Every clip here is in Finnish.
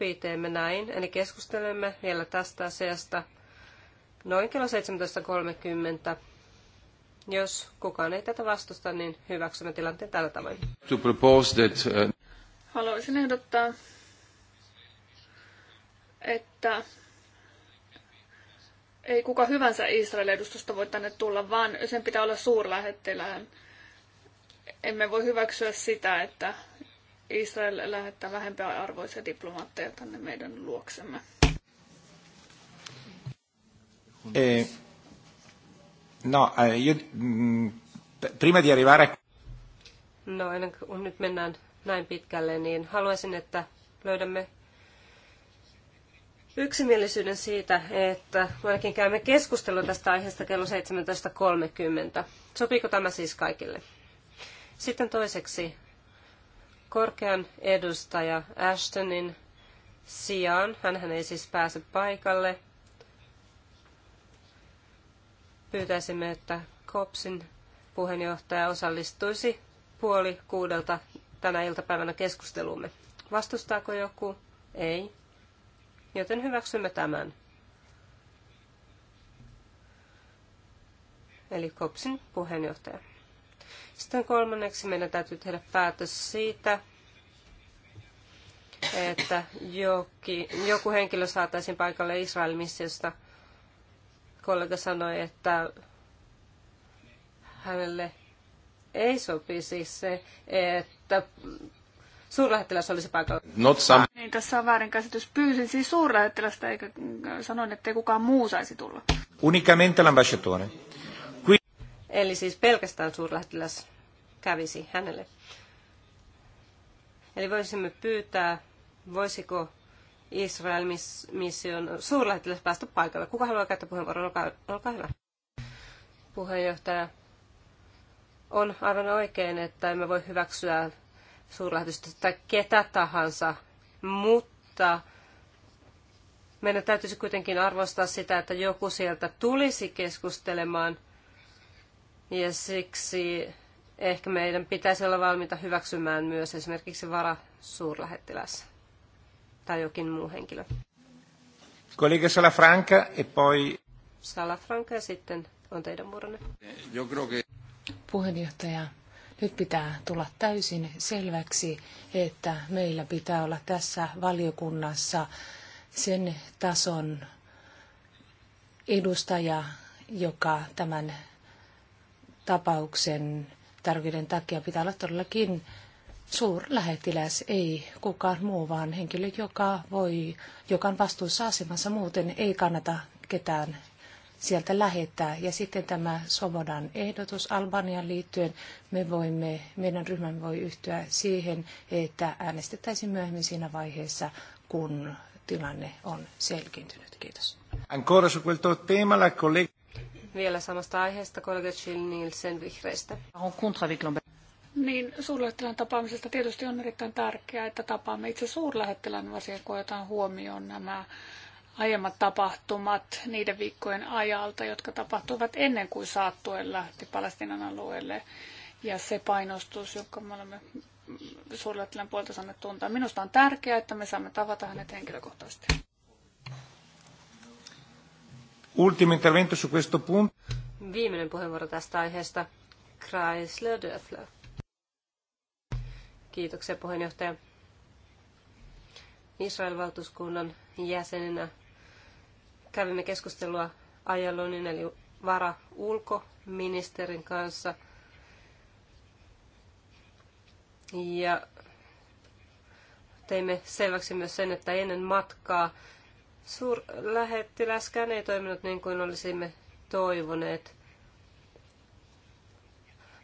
sopii, teemme näin. Eli keskustelemme vielä tästä asiasta noin kello 17.30. Jos kukaan ei tätä vastusta, niin hyväksymme tilanteen tällä tavoin. To propose that, uh... Haluaisin ehdottaa, että ei kuka hyvänsä Israelin edustusta voi tänne tulla, vaan sen pitää olla suurlähettilään. Emme voi hyväksyä sitä, että Israel lähettää vähempää arvoisia diplomaatteja tänne meidän luoksemme. Eh, no, io, e, mm, prima di arrivare... No, ennen kuin nyt mennään näin pitkälle, niin haluaisin, että löydämme yksimielisyyden siitä, että ainakin käymme keskustelua tästä aiheesta kello 17.30. Sopiiko tämä siis kaikille? Sitten toiseksi korkean edustaja Ashtonin sijaan, hän ei siis pääse paikalle, pyytäisimme, että COPSin puheenjohtaja osallistuisi puoli kuudelta tänä iltapäivänä keskusteluumme. Vastustaako joku? Ei. Joten hyväksymme tämän. Eli COPSin puheenjohtaja. Sitten kolmanneksi meidän täytyy tehdä päätös siitä, että joki, joku henkilö saataisiin paikalle Israelin missiosta. Kollega sanoi, että hänelle ei sopisi se, että suurlähettiläs olisi paikalla. Not some. Niin, tässä on väärinkäsitys. Pyysin siis suurlähettilästä, eikä äh, sanoin, ei kukaan muu saisi tulla. Unicamente l'ambasciatore. Eli siis pelkästään suurlähettiläs kävisi hänelle. Eli voisimme pyytää, voisiko Israel mission suurlähettiläs päästä paikalle. Kuka haluaa käyttää puheenvuoron? Olkaa, olkaa hyvä. Puheenjohtaja, on aivan oikein, että emme voi hyväksyä suurlähetystä tai ketä tahansa, mutta meidän täytyisi kuitenkin arvostaa sitä, että joku sieltä tulisi keskustelemaan – ja siksi ehkä meidän pitäisi olla valmiita hyväksymään myös esimerkiksi vara suurlähettiläs tai jokin muu henkilö. Kollega Salafranca e poi... Salafranca ja sitten on teidän vuoronne. Puheenjohtaja, nyt pitää tulla täysin selväksi, että meillä pitää olla tässä valiokunnassa sen tason edustaja, joka tämän tapauksen tarkoiden takia pitää olla todellakin suurlähettiläs, ei kukaan muu, vaan henkilö, joka, voi, joka on vastuussa asemassa. Muuten ei kannata ketään sieltä lähettää. Ja sitten tämä Sovodan ehdotus Albanian liittyen, me voimme, meidän ryhmämme voi yhtyä siihen, että äänestettäisiin myöhemmin siinä vaiheessa, kun tilanne on selkiintynyt. Kiitos. Ancora su quel tema la collega vielä samasta aiheesta kollega Jill Nielsen vihreistä. Niin, suurlähettilän tapaamisesta tietysti on erittäin tärkeää, että tapaamme itse suurlähettilän niin asian, kun otetaan huomioon nämä aiemmat tapahtumat niiden viikkojen ajalta, jotka tapahtuivat ennen kuin saattuen lähti Palestinan alueelle. Ja se painostus, jonka me olemme suurlähettilän puolta saaneet tuntaa. Minusta on tärkeää, että me saamme tavata hänet henkilökohtaisesti. Ultimo intervento su questo punto. Viimeinen puheenvuoro tästä aiheesta. Chrysler Döfler. Kiitoksia puheenjohtaja. Israel-valtuuskunnan jäsenenä kävimme keskustelua Ajalonin eli vara ulkoministerin kanssa. Ja teimme selväksi myös sen, että ennen matkaa Suurlähettiläskään ei toiminut niin kuin olisimme toivoneet.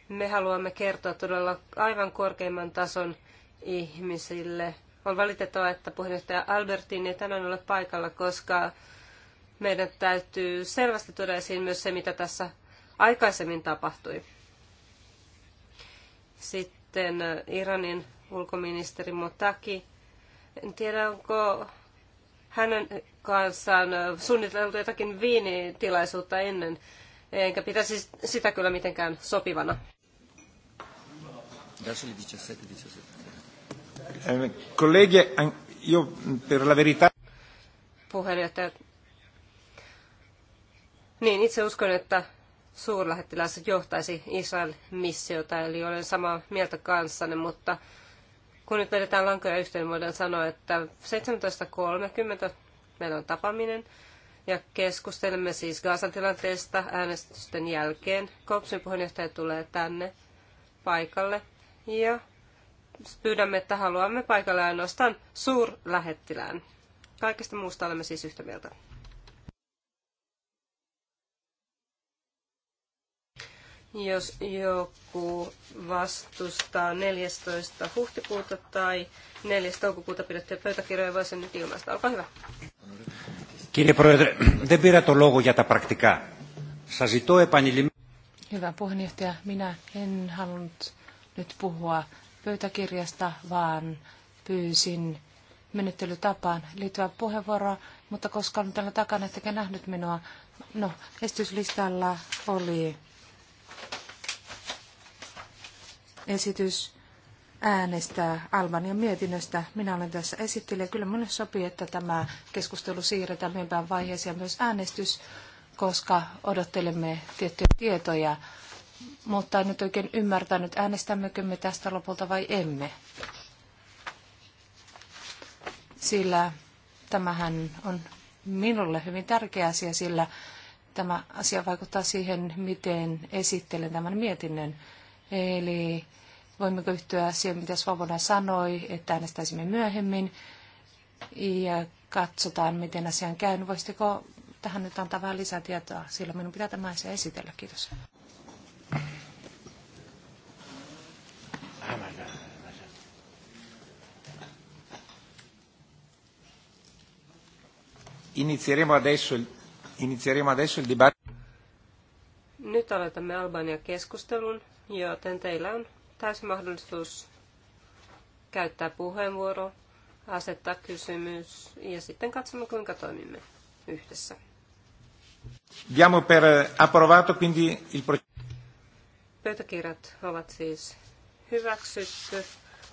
Me haluamme kertoa todella aivan korkeimman tason ihmisille. On valitettavaa, että puheenjohtaja Albertin ei tänään ole paikalla, koska meidän täytyy selvästi tuoda esiin myös se, mitä tässä aikaisemmin tapahtui. Sitten Iranin ulkoministeri Motaki. En tiedä, onko hänen kanssaan suunniteltu jotakin viinitilaisuutta ennen, enkä pitäisi sitä kyllä mitenkään sopivana. Eh, io mm, per la verità... Puheenjohtaja. Niin, itse uskon, että suurlähettiläs johtaisi Israel-missiota, eli olen samaa mieltä kanssanne, mutta kun nyt vedetään lankoja yhteen, niin voidaan sanoa, että 17.30 meillä on tapaaminen ja keskustelemme siis Gaasan tilanteesta äänestysten jälkeen. Kopsin puheenjohtaja tulee tänne paikalle ja pyydämme, että haluamme paikalle ainoastaan suurlähettilään. Kaikesta muusta olemme siis yhtä mieltä. Jos joku vastustaa 14. huhtikuuta tai 4. toukokuuta pidettyä pöytäkirjoja, voi sen nyt ilmaista. Olkaa hyvä. Κύριε Πρόεδρε, δεν πήρα το λόγο για Hyvä puheenjohtaja, minä en halunnut nyt puhua pöytäkirjasta, vaan pyysin menettelytapaan liittyvää puheenvuoroa, mutta koska olen täällä takana ettekä nähnyt minua, no, esityslistalla oli esitys äänestää Albanian mietinnöstä. Minä olen tässä esittelijä. Kyllä minulle sopii, että tämä keskustelu siirretään myöhempään vaiheeseen ja myös äänestys, koska odottelemme tiettyjä tietoja. Mutta en nyt oikein ymmärtänyt, äänestämmekö me tästä lopulta vai emme. Sillä tämähän on minulle hyvin tärkeä asia, sillä tämä asia vaikuttaa siihen, miten esittelen tämän mietinnön. Eli voimmeko yhtyä siihen, mitä Svoboda sanoi, että äänestäisimme myöhemmin ja katsotaan, miten asian käy. Niin voisitteko tähän nyt antaa vähän lisätietoa, sillä minun pitää tämä asia esitellä. Kiitos. Inizieremo adesso, inizieremo adesso il dibattito. Nyt aloitamme Albania keskustelun, joten teillä on täysi mahdollisuus käyttää puheenvuoro, asettaa kysymys ja sitten katsomme kuinka toimimme yhdessä. Diamo per approvato quindi il Pöytäkirjat ovat siis hyväksytty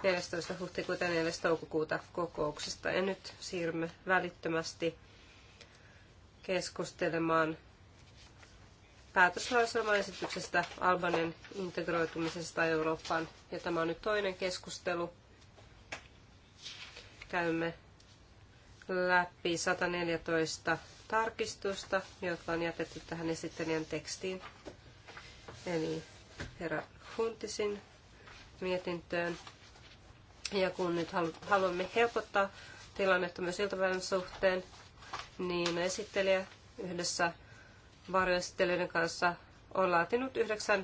14. huhtikuuta ja 4. toukokuuta kokouksesta. Ja nyt siirrymme välittömästi keskustelemaan päätöslauselmaesityksestä Albanian integroitumisesta Eurooppaan. Ja tämä on nyt toinen keskustelu. Käymme läpi 114 tarkistusta, jotka on jätetty tähän esittelijän tekstiin. Eli herra Huntisin mietintöön. Ja kun nyt haluamme helpottaa tilannetta myös iltapäivän suhteen, niin esittelijä yhdessä varjoesittelyiden kanssa on laatinut yhdeksän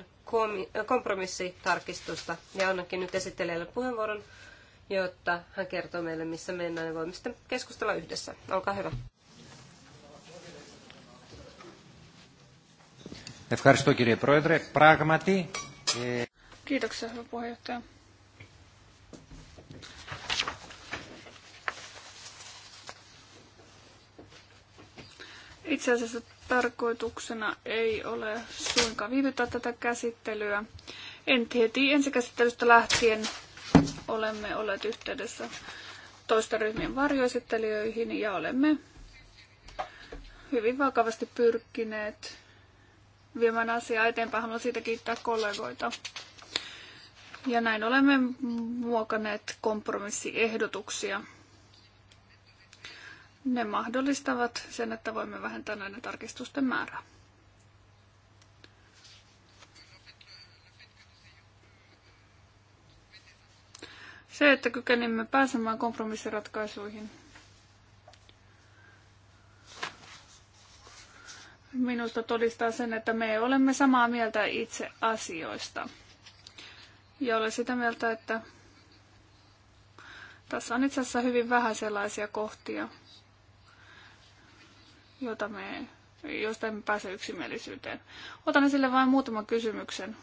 äh, kompromissitarkistusta. Ja annankin nyt esittelijälle puheenvuoron, jotta hän kertoo meille, missä mennään ja voimme sitten keskustella yhdessä. Olkaa hyvä. Ευχαριστώ hyvä puheenjohtaja. Itse asiassa Tarkoituksena ei ole suinkaan viivyttää tätä käsittelyä. En heti käsittelystä lähtien olemme olleet yhteydessä toista ryhmien varjoesittelijöihin ja olemme hyvin vakavasti pyrkineet viemään asiaa eteenpäin. Haluan siitä kiittää kollegoita. Ja näin olemme muokanneet kompromissiehdotuksia. Ne mahdollistavat sen, että voimme vähentää näiden tarkistusten määrää. Se, että kykenimme pääsemään kompromissiratkaisuihin, minusta todistaa sen, että me olemme samaa mieltä itse asioista. Ja olen sitä mieltä, että tässä on itse asiassa hyvin vähän sellaisia kohtia, jota me, josta emme pääse yksimielisyyteen. Otan esille vain muutaman kysymyksen,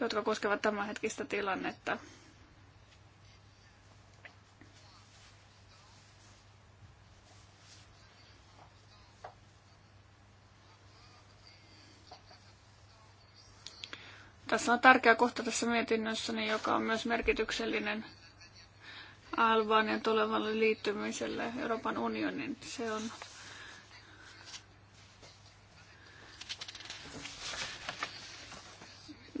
jotka koskevat tämänhetkistä tilannetta. Tässä on tärkeä kohta tässä mietinnössäni, joka on myös merkityksellinen Albanian tulevalle liittymiselle Euroopan unionin. Se on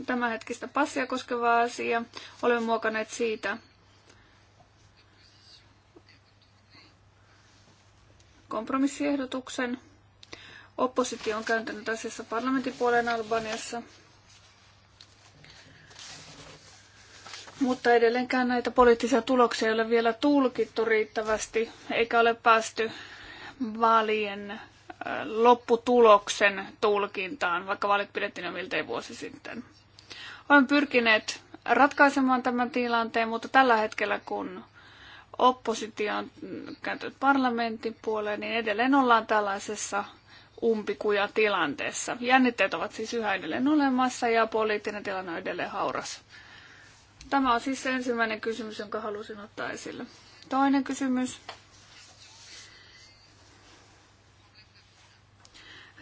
tämänhetkistä passia koskeva asia. Olemme muokanneet siitä kompromissiehdotuksen. Oppositio on kääntänyt asiassa parlamentin puolen Albaniassa. Mutta edelleenkään näitä poliittisia tuloksia ei ole vielä tulkittu riittävästi, eikä ole päästy vaalien äh, lopputuloksen tulkintaan, vaikka vaalit pidettiin jo miltei vuosi sitten. Olemme pyrkineet ratkaisemaan tämän tilanteen, mutta tällä hetkellä kun oppositio on kääntynyt parlamentin puoleen, niin edelleen ollaan tällaisessa umpikujatilanteessa. Jännitteet ovat siis yhä edelleen olemassa ja poliittinen tilanne on edelleen hauras. Tämä on siis ensimmäinen kysymys, jonka halusin ottaa esille. Toinen kysymys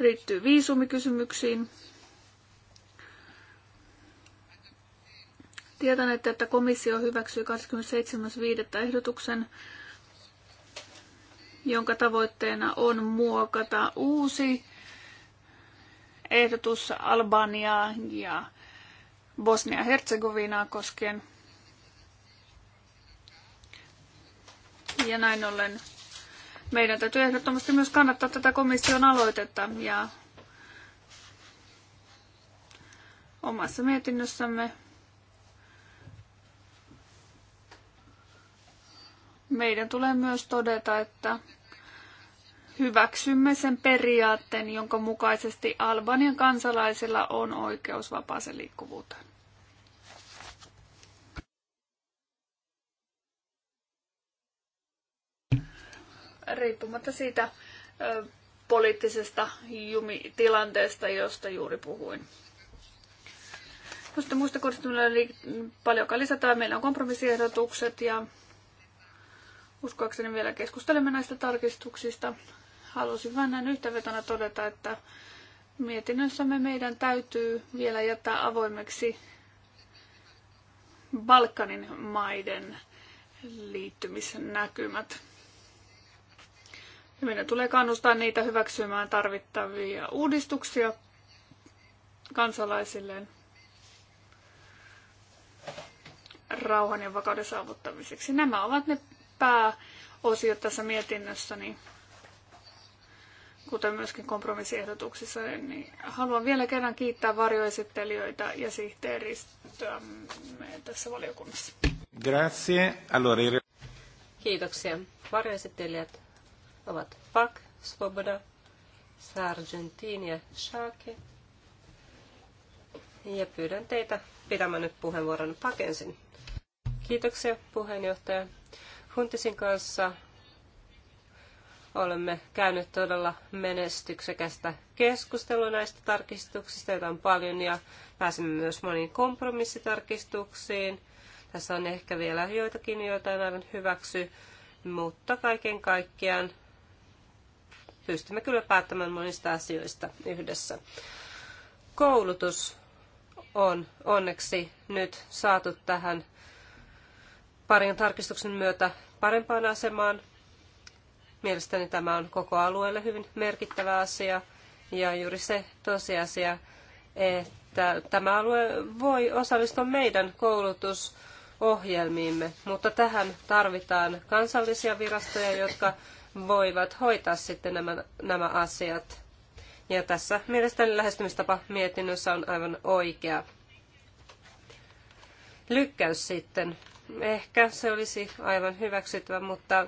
liittyy viisumikysymyksiin. Tiedän, että komissio hyväksyi 27.5. ehdotuksen, jonka tavoitteena on muokata uusi ehdotus Albaniaa ja Bosnia-Herzegovinaa koskien. Ja näin ollen meidän täytyy ehdottomasti myös kannattaa tätä komission aloitetta ja omassa mietinnössämme meidän tulee myös todeta, että hyväksymme sen periaatteen, jonka mukaisesti Albanian kansalaisilla on oikeus vapaaseen liikkuvuuteen. Riippumatta siitä ö, poliittisesta jumitilanteesta, josta juuri puhuin. Tuosta muista kohdista meillä on lisätään. Meillä on kompromissiehdotukset ja Uskoakseni vielä keskustelemme näistä tarkistuksista. Halusin vain näin yhtävetona todeta, että mietinnössämme meidän täytyy vielä jättää avoimeksi Balkanin maiden liittymisnäkymät. Ja meidän tulee kannustaa niitä hyväksymään tarvittavia uudistuksia kansalaisilleen rauhan ja vakauden saavuttamiseksi. Nämä ovat ne pääosio tässä mietinnössä, niin kuten myöskin kompromissiehdotuksissa, niin haluan vielä kerran kiittää varjoesittelijöitä ja sihteeristöä tässä valiokunnassa. Grazie. Allora, Kiitoksia. Varjoesittelijät ovat Pak, Svoboda, Sargentini ja Shake. Ja pyydän teitä pitämään nyt puheenvuoron Pak ensin. Kiitoksia puheenjohtaja. Huntisin kanssa olemme käyneet todella menestyksekästä keskustelua näistä tarkistuksista, joita on paljon, ja pääsimme myös moniin kompromissitarkistuksiin. Tässä on ehkä vielä joitakin, joita en aivan hyväksy, mutta kaiken kaikkiaan pystymme kyllä päättämään monista asioista yhdessä. Koulutus on onneksi nyt saatu tähän parin tarkistuksen myötä parempaan asemaan. Mielestäni tämä on koko alueelle hyvin merkittävä asia ja juuri se tosiasia, että tämä alue voi osallistua meidän koulutusohjelmiimme, mutta tähän tarvitaan kansallisia virastoja, jotka voivat hoitaa sitten nämä, nämä asiat. Ja tässä mielestäni lähestymistapa mietinnössä on aivan oikea. Lykkäys sitten Ehkä se olisi aivan hyväksyttävä, mutta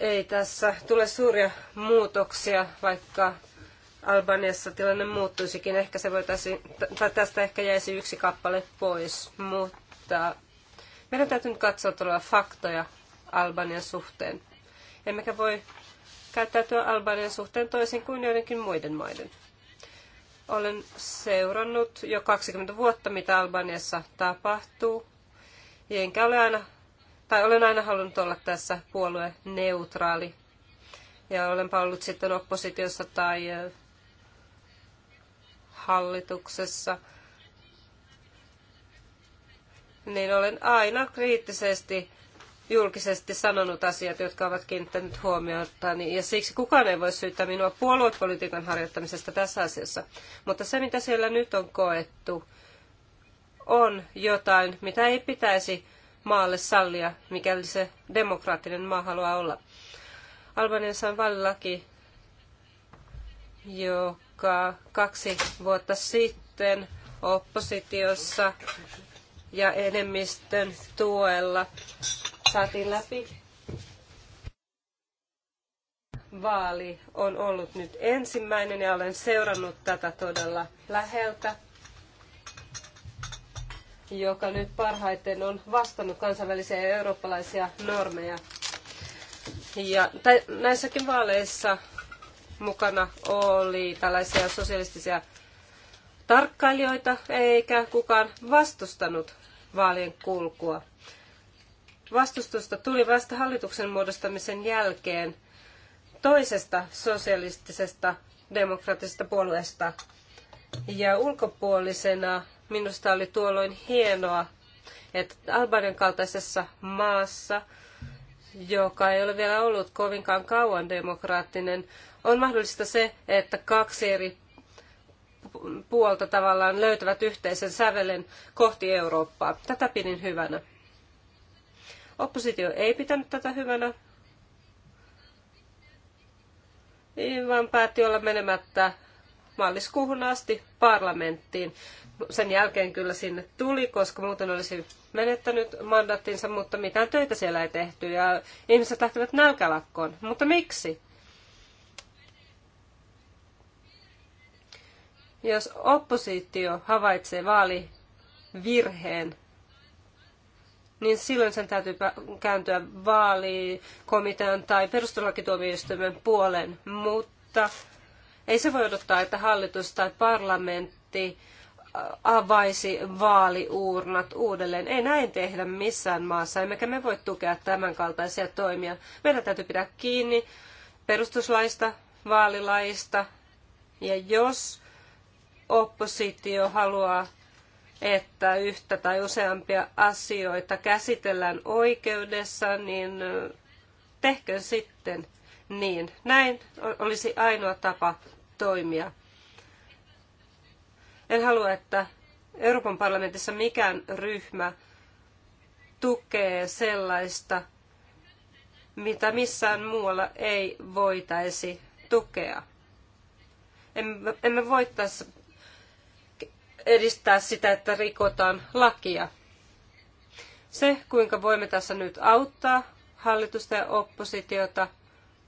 ei tässä tule suuria muutoksia, vaikka Albaniassa tilanne muuttuisikin. Ehkä se voitaisiin, tai tästä ehkä jäisi yksi kappale pois, mutta meidän täytyy nyt katsoa todella faktoja Albanian suhteen. Emmekä voi käyttäytyä Albanian suhteen toisin kuin joidenkin muiden maiden. Olen seurannut jo 20 vuotta, mitä Albaniassa tapahtuu. Enkä ole aina, tai olen aina halunnut olla tässä puolue neutraali. Ja olen ollut sitten oppositiossa tai hallituksessa. Niin olen aina kriittisesti julkisesti sanonut asiat, jotka ovat kiinnittäneet huomiota, niin- ja siksi kukaan ei voi syyttää minua puoluepolitiikan harjoittamisesta tässä asiassa. Mutta se, mitä siellä nyt on koettu, on jotain, mitä ei pitäisi maalle sallia, mikäli se demokraattinen maa haluaa olla. Albanian on vaalilaki, joka kaksi vuotta sitten oppositiossa ja enemmistön tuella saatiin läpi. Vaali on ollut nyt ensimmäinen ja olen seurannut tätä todella läheltä, joka nyt parhaiten on vastannut kansainvälisiä ja eurooppalaisia normeja. Ja näissäkin vaaleissa mukana oli tällaisia sosialistisia tarkkailijoita, eikä kukaan vastustanut vaalien kulkua. Vastustusta tuli vasta hallituksen muodostamisen jälkeen toisesta sosialistisesta demokraattisesta puolueesta. Ja ulkopuolisena minusta oli tuolloin hienoa, että Albanian kaltaisessa maassa, joka ei ole vielä ollut kovinkaan kauan demokraattinen, on mahdollista se, että kaksi eri puolta tavallaan löytävät yhteisen sävelen kohti Eurooppaa. Tätä pidin hyvänä. Oppositio ei pitänyt tätä hyvänä, niin vaan päätti olla menemättä maaliskuuhun asti parlamenttiin. Sen jälkeen kyllä sinne tuli, koska muuten olisi menettänyt mandattinsa, mutta mitään töitä siellä ei tehty ja ihmiset lähtivät nälkälakkoon. Mutta miksi? Jos oppositio havaitsee vaalivirheen, virheen, niin silloin sen täytyy kääntyä vaalikomitean tai perustuslakituomioistuimen puolen. Mutta ei se voi odottaa, että hallitus tai parlamentti äh, avaisi vaaliuurnat uudelleen. Ei näin tehdä missään maassa, emmekä me voi tukea tämänkaltaisia toimia. Meidän täytyy pitää kiinni perustuslaista, vaalilaista, ja jos oppositio haluaa että yhtä tai useampia asioita käsitellään oikeudessa, niin tehkö sitten niin. Näin olisi ainoa tapa toimia. En halua, että Euroopan parlamentissa mikään ryhmä tukee sellaista, mitä missään muualla ei voitaisi tukea. Emme voi tässä edistää sitä, että rikotaan lakia. Se, kuinka voimme tässä nyt auttaa hallitusta ja oppositiota,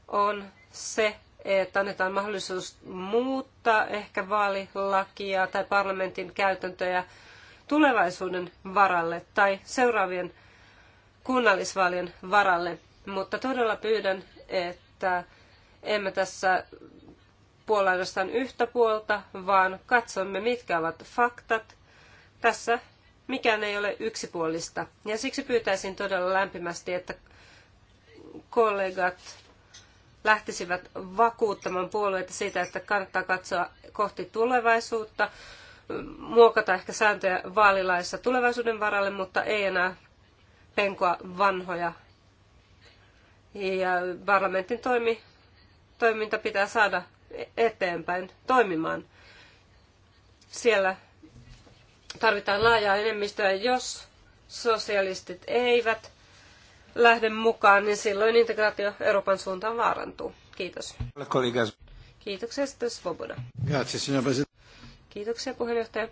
on se, että annetaan mahdollisuus muuttaa ehkä vaalilakia tai parlamentin käytäntöjä tulevaisuuden varalle tai seuraavien kunnallisvaalien varalle. Mutta todella pyydän, että emme tässä puolella ainoastaan yhtä puolta, vaan katsomme, mitkä ovat faktat. Tässä mikään ei ole yksipuolista. Ja siksi pyytäisin todella lämpimästi, että kollegat lähtisivät vakuuttamaan puolueita siitä, että kannattaa katsoa kohti tulevaisuutta, muokata ehkä sääntöjä vaalilaissa tulevaisuuden varalle, mutta ei enää penkoa vanhoja. Ja parlamentin toimi, toiminta pitää saada eteenpäin toimimaan. Siellä tarvitaan laajaa enemmistöä, jos sosialistit eivät lähde mukaan, niin silloin integraatio Euroopan suuntaan vaarantuu. Kiitos. Kiitoksia sitten Svoboda. Kiitoksia puheenjohtaja.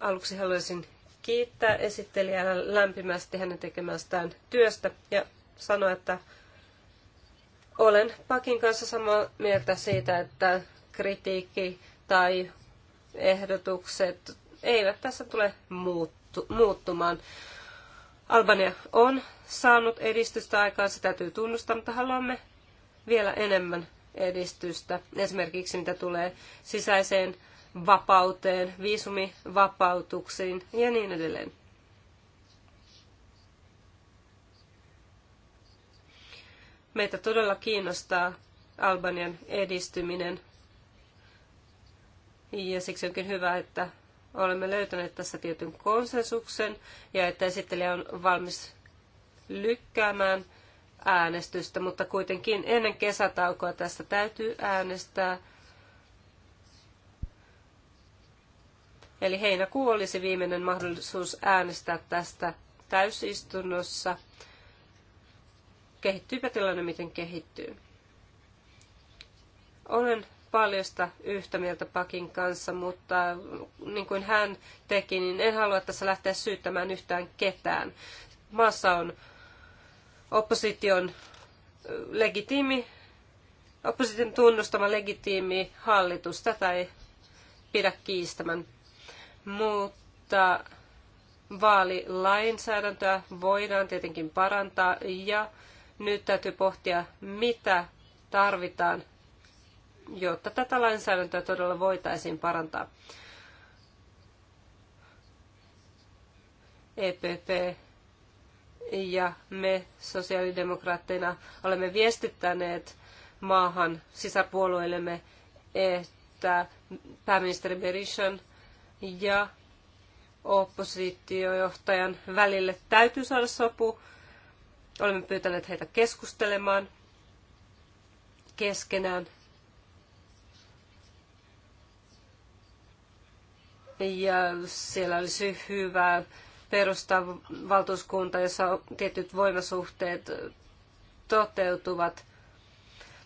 Aluksi haluaisin kiittää esittelijää lämpimästi hänen tekemästään työstä ja sanoa, että olen Pakin kanssa samaa mieltä siitä, että kritiikki tai ehdotukset eivät tässä tule muuttu, muuttumaan. Albania on saanut edistystä aikaan, se täytyy tunnustaa, mutta haluamme vielä enemmän edistystä. Esimerkiksi mitä tulee sisäiseen vapauteen, viisumivapautuksiin ja niin edelleen. Meitä todella kiinnostaa Albanian edistyminen. Ja siksi onkin hyvä, että olemme löytäneet tässä tietyn konsensuksen ja että esittelijä on valmis lykkäämään äänestystä, mutta kuitenkin ennen kesätaukoa tästä täytyy äänestää. Eli heinäkuu olisi viimeinen mahdollisuus äänestää tästä täysistunnossa. Kehittyypä tilanne, miten kehittyy. Olen paljosta yhtä mieltä Pakin kanssa, mutta niin kuin hän teki, niin en halua tässä lähteä syyttämään yhtään ketään. Maassa on opposition legitiimi, opposition tunnustama legitiimi hallitus. Tätä ei pidä kiistämän. Mutta vaalilainsäädäntöä voidaan tietenkin parantaa ja nyt täytyy pohtia, mitä tarvitaan, jotta tätä lainsäädäntöä todella voitaisiin parantaa. EPP ja me sosiaalidemokraatteina olemme viestittäneet maahan sisäpuolueillemme, että pääministeri Berishan ja oppositiojohtajan välille täytyy saada sopu Olemme pyytäneet heitä keskustelemaan keskenään. Ja siellä olisi hyvä perustaa valtuuskunta, jossa tietyt voimasuhteet toteutuvat.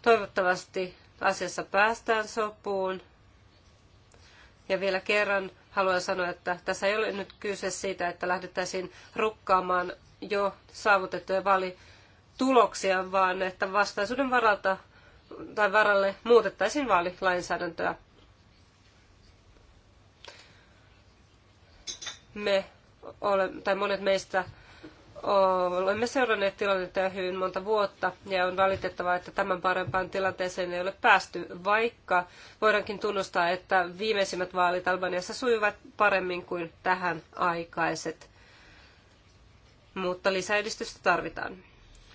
Toivottavasti asiassa päästään sopuun. Ja vielä kerran haluan sanoa, että tässä ei ole nyt kyse siitä, että lähdettäisiin rukkaamaan jo saavutettuja vaalituloksia, vaan että vastaisuuden varalta tai varalle muutettaisiin vaalilainsäädäntöä. Me ole, tai monet meistä olemme seuranneet tilannetta jo hyvin monta vuotta ja on valitettavaa, että tämän parempaan tilanteeseen ei ole päästy, vaikka voidaankin tunnustaa, että viimeisimmät vaalit Albaniassa sujuvat paremmin kuin tähän aikaiset mutta lisäedistystä tarvitaan.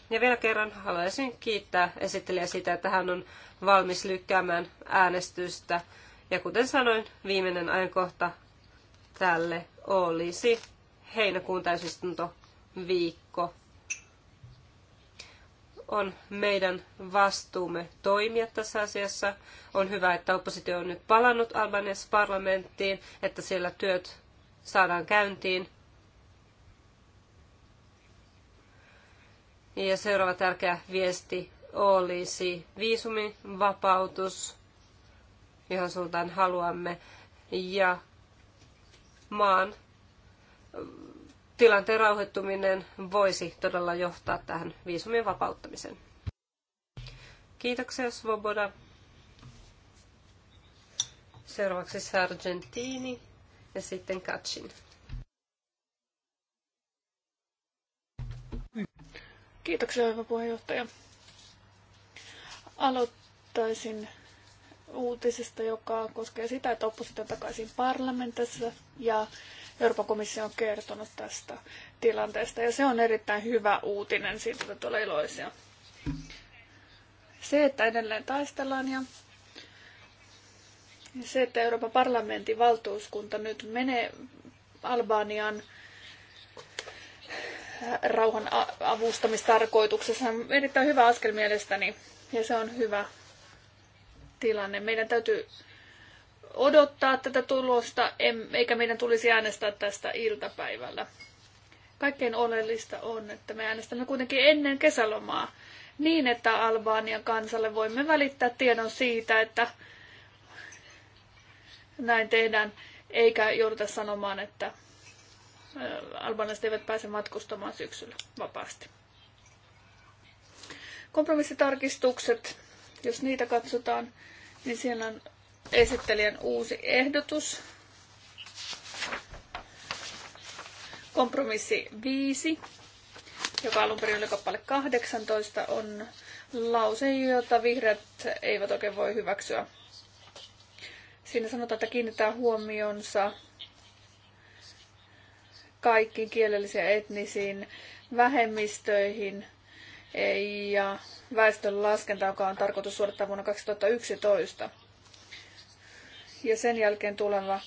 Ja vielä kerran haluaisin kiittää esittelijä sitä, että hän on valmis lykkäämään äänestystä. Ja kuten sanoin, viimeinen ajankohta tälle olisi heinäkuun täysistunto viikko. On meidän vastuumme toimia tässä asiassa. On hyvä, että oppositio on nyt palannut Albaniassa parlamenttiin, että siellä työt saadaan käyntiin Ja seuraava tärkeä viesti olisi viisumivapautus, johon suuntaan haluamme, ja maan tilanteen rauhoittuminen voisi todella johtaa tähän viisumien vapauttamiseen. Kiitoksia Svoboda. Seuraavaksi Sargentini ja sitten Katsin. Kiitoksia, hyvä puheenjohtaja. Aloittaisin uutisesta, joka koskee sitä, että oppositio takaisin parlamentissa ja Euroopan komissio on kertonut tästä tilanteesta ja se on erittäin hyvä uutinen, siitä että olla iloisia. Se, että edelleen taistellaan ja se, että Euroopan parlamentin valtuuskunta nyt menee Albanian rauhan avustamistarkoituksessa on erittäin hyvä askel mielestäni ja se on hyvä tilanne. Meidän täytyy odottaa tätä tulosta, eikä meidän tulisi äänestää tästä iltapäivällä. Kaikkein oleellista on, että me äänestämme kuitenkin ennen kesälomaa niin, että Albanian kansalle voimme välittää tiedon siitä, että näin tehdään, eikä jouduta sanomaan, että Äh, albanaiset eivät pääse matkustamaan syksyllä vapaasti. Kompromissitarkistukset, jos niitä katsotaan, niin siellä on esittelijän uusi ehdotus. Kompromissi 5, joka alun perin oli kappale 18, on lause, jota vihreät eivät oikein voi hyväksyä. Siinä sanotaan, että kiinnitetään huomionsa kaikkiin kielellisiin ja etnisiin vähemmistöihin ja väestön laskenta, joka on tarkoitus suorittaa vuonna 2011. Ja sen jälkeen tuleva,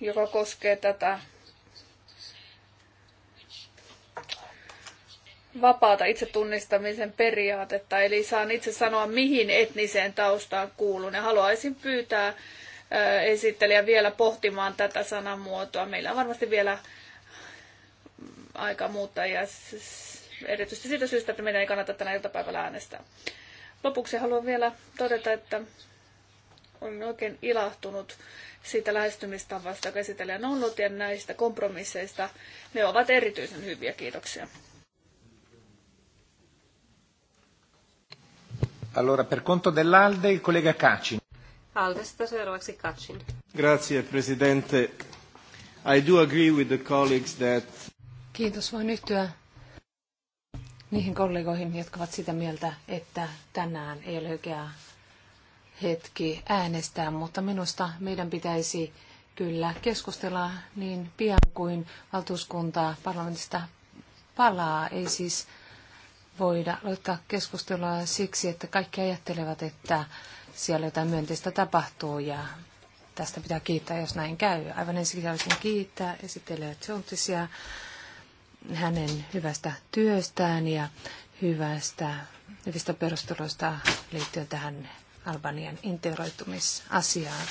joka koskee tätä vapaata itsetunnistamisen periaatetta, eli saan itse sanoa, mihin etniseen taustaan kuulun. Ja haluaisin pyytää esittelijä vielä pohtimaan tätä sanamuotoa. Meillä on varmasti vielä aika muuttaa ja erityisesti siitä syystä, että meidän ei kannata tänä iltapäivällä äänestää. Lopuksi haluan vielä todeta, että olen oikein ilahtunut siitä lähestymistavasta, joka esitellään ollut ja näistä kompromisseista. Ne ovat erityisen hyviä. Kiitoksia. Allora, per conto dell'Alde, il collega Cacin. Aldesta seuraavaksi Cacin. Grazie, Presidente. I do agree with the colleagues that... Kiitos, voin yhtyä niihin kollegoihin, jotka ovat sitä mieltä, että tänään ei ole oikea hetki äänestää, mutta minusta meidän pitäisi kyllä keskustella niin pian kuin valtuuskunta parlamentista palaa. Ei siis voida aloittaa keskustelua siksi, että kaikki ajattelevat, että siellä jotain myönteistä tapahtuu ja tästä pitää kiittää, jos näin käy. Aivan ensiksi haluaisin kiittää esittelijä Jontisia hänen hyvästä työstään ja hyvästä, hyvistä perusteluista liittyen tähän Albanian integroitumisasiaan.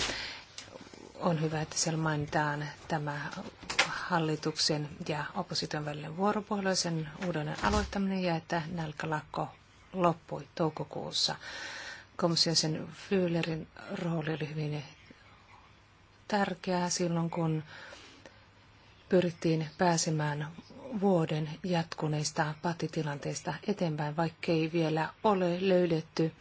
On hyvä, että siellä mainitaan tämä hallituksen ja opposition välinen vuoropuhelu sen uudelleen aloittaminen ja että nälkälakko loppui toukokuussa. Komission sen Fyylerin rooli oli hyvin tärkeää silloin, kun pyrittiin pääsemään vuoden jatkuneista pattitilanteista eteenpäin, vaikkei vielä ole löydetty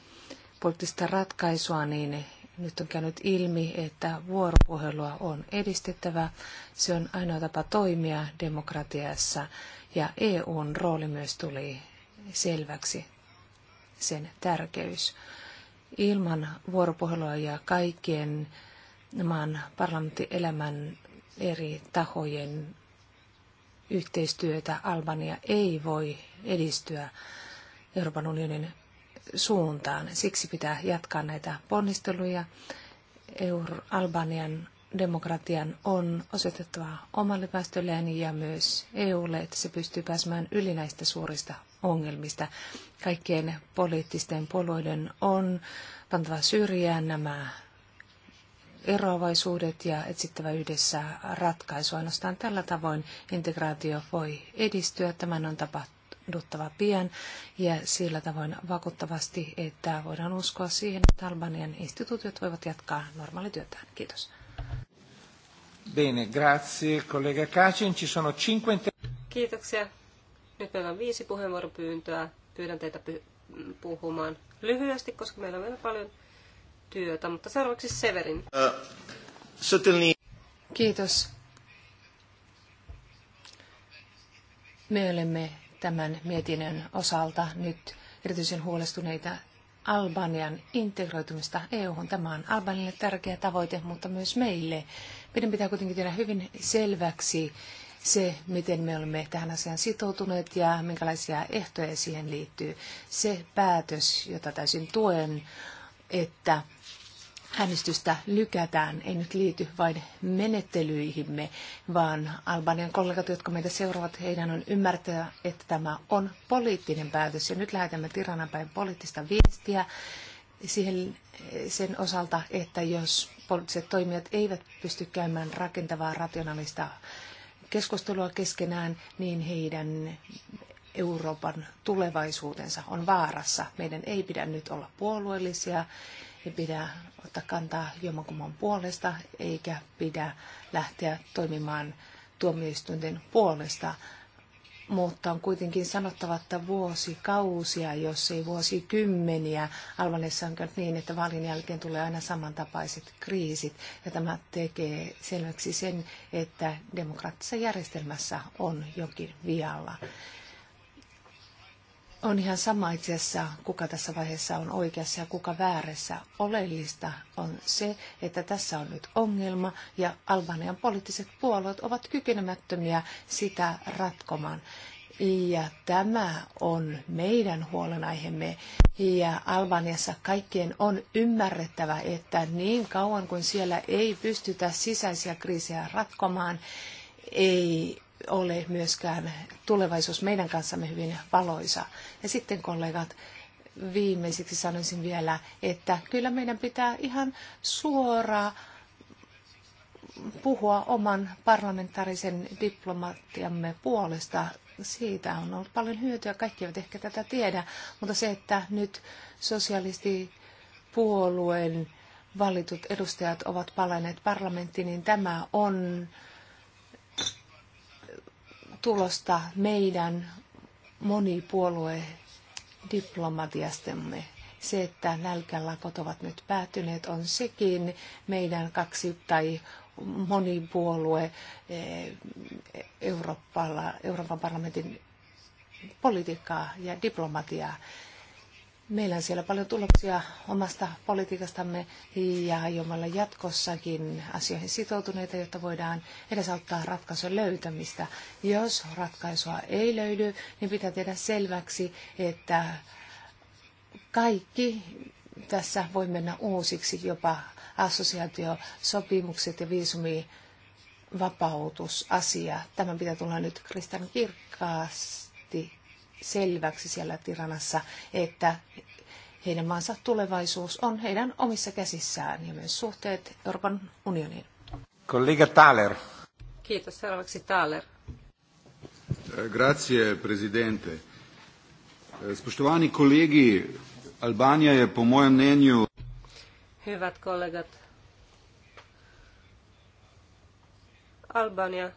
poliittista ratkaisua, niin nyt on käynyt ilmi, että vuoropuhelua on edistettävä. Se on ainoa tapa toimia demokratiassa ja EUn rooli myös tuli selväksi, sen tärkeys. Ilman vuoropuhelua ja kaikkien maan parlamenttielämän eri tahojen yhteistyötä Albania ei voi edistyä Euroopan unionin suuntaan. Siksi pitää jatkaa näitä ponnisteluja. Euro Albanian demokratian on osoitettava omalle väestölleen ja myös EUlle, että se pystyy pääsemään yli näistä suurista ongelmista. Kaikkien poliittisten puolueiden on pantava syrjään nämä eroavaisuudet ja etsittävä yhdessä ratkaisu. Ainoastaan tällä tavoin integraatio voi edistyä. Tämän on tapahduttava pian ja sillä tavoin vakuuttavasti, että voidaan uskoa siihen, että Albanian instituutiot voivat jatkaa normaalityötään. Kiitos. Bene, grazie collega Kacin. Ci sono cinque Kiitoksia. Nyt meillä on viisi puheenvuoropyyntöä. Pyydän teitä puhumaan lyhyesti, koska meillä on vielä paljon työtä. Mutta seuraavaksi Severin. Uh, Kiitos. Me olemme tämän mietinnön osalta nyt erityisen huolestuneita Albanian integroitumista EU-hun. Tämä on Albanille tärkeä tavoite, mutta myös meille. Meidän pitää kuitenkin tehdä hyvin selväksi se, miten me olemme tähän asiaan sitoutuneet ja minkälaisia ehtoja siihen liittyy. Se päätös, jota täysin tuen, että äänestystä lykätään ei nyt liity vain menettelyihimme, vaan Albanian kollegat, jotka meitä seuraavat, heidän on ymmärtää, että tämä on poliittinen päätös. Ja nyt lähetämme Tiranan päin poliittista viestiä siihen, sen osalta, että jos poliittiset toimijat eivät pysty käymään rakentavaa rationaalista keskustelua keskenään, niin heidän Euroopan tulevaisuutensa on vaarassa. Meidän ei pidä nyt olla puolueellisia ei pidä ottaa kantaa jommankumman puolesta, eikä pidä lähteä toimimaan tuomioistuinten puolesta. Mutta on kuitenkin sanottava, että vuosikausia, jos ei vuosikymmeniä, Alvanessa on käynyt niin, että vaalin jälkeen tulee aina samantapaiset kriisit. Ja tämä tekee selväksi sen, että demokraattisessa järjestelmässä on jokin vialla. On ihan sama itse asiassa, kuka tässä vaiheessa on oikeassa ja kuka väärässä. Oleellista on se, että tässä on nyt ongelma ja Albanian poliittiset puolueet ovat kykenemättömiä sitä ratkomaan. Ja tämä on meidän huolenaiheemme. Ja Albaniassa kaikkien on ymmärrettävä, että niin kauan kuin siellä ei pystytä sisäisiä kriisejä ratkomaan, ei ole myöskään tulevaisuus meidän kanssamme hyvin valoisa. Ja sitten kollegat, viimeiseksi sanoisin vielä, että kyllä meidän pitää ihan suoraan puhua oman parlamentaarisen diplomatiamme puolesta. Siitä on ollut paljon hyötyä, kaikki eivät ehkä tätä tiedä, mutta se, että nyt sosialistipuolueen valitut edustajat ovat palanneet parlamenttiin, niin tämä on tulosta meidän monipuolue diplomatiastemme, Se, että nälkälakot ovat nyt päättyneet, on sekin meidän kaksi tai monipuolue eh, Euroopan parlamentin politiikkaa ja diplomatiaa. Meillä on siellä paljon tuloksia omasta politiikastamme ja aiomme olla jatkossakin asioihin sitoutuneita, jotta voidaan edesauttaa ratkaisun löytämistä. Jos ratkaisua ei löydy, niin pitää tehdä selväksi, että kaikki tässä voi mennä uusiksi, jopa assosiaatiosopimukset ja viisumi vapautusasia. Tämän pitää tulla nyt kristallinkirkkaasti selväksi siellä Tiranassa, että heidän maansa tulevaisuus on heidän omissa käsissään ja myös suhteet Euroopan unioniin. Kollega Thaler. Kiitos. Seuraavaksi Thaler. Grazie, presidente. Spostovani kolegi, Albanija je po mojem mnenju... Hyvät kollegat, Albania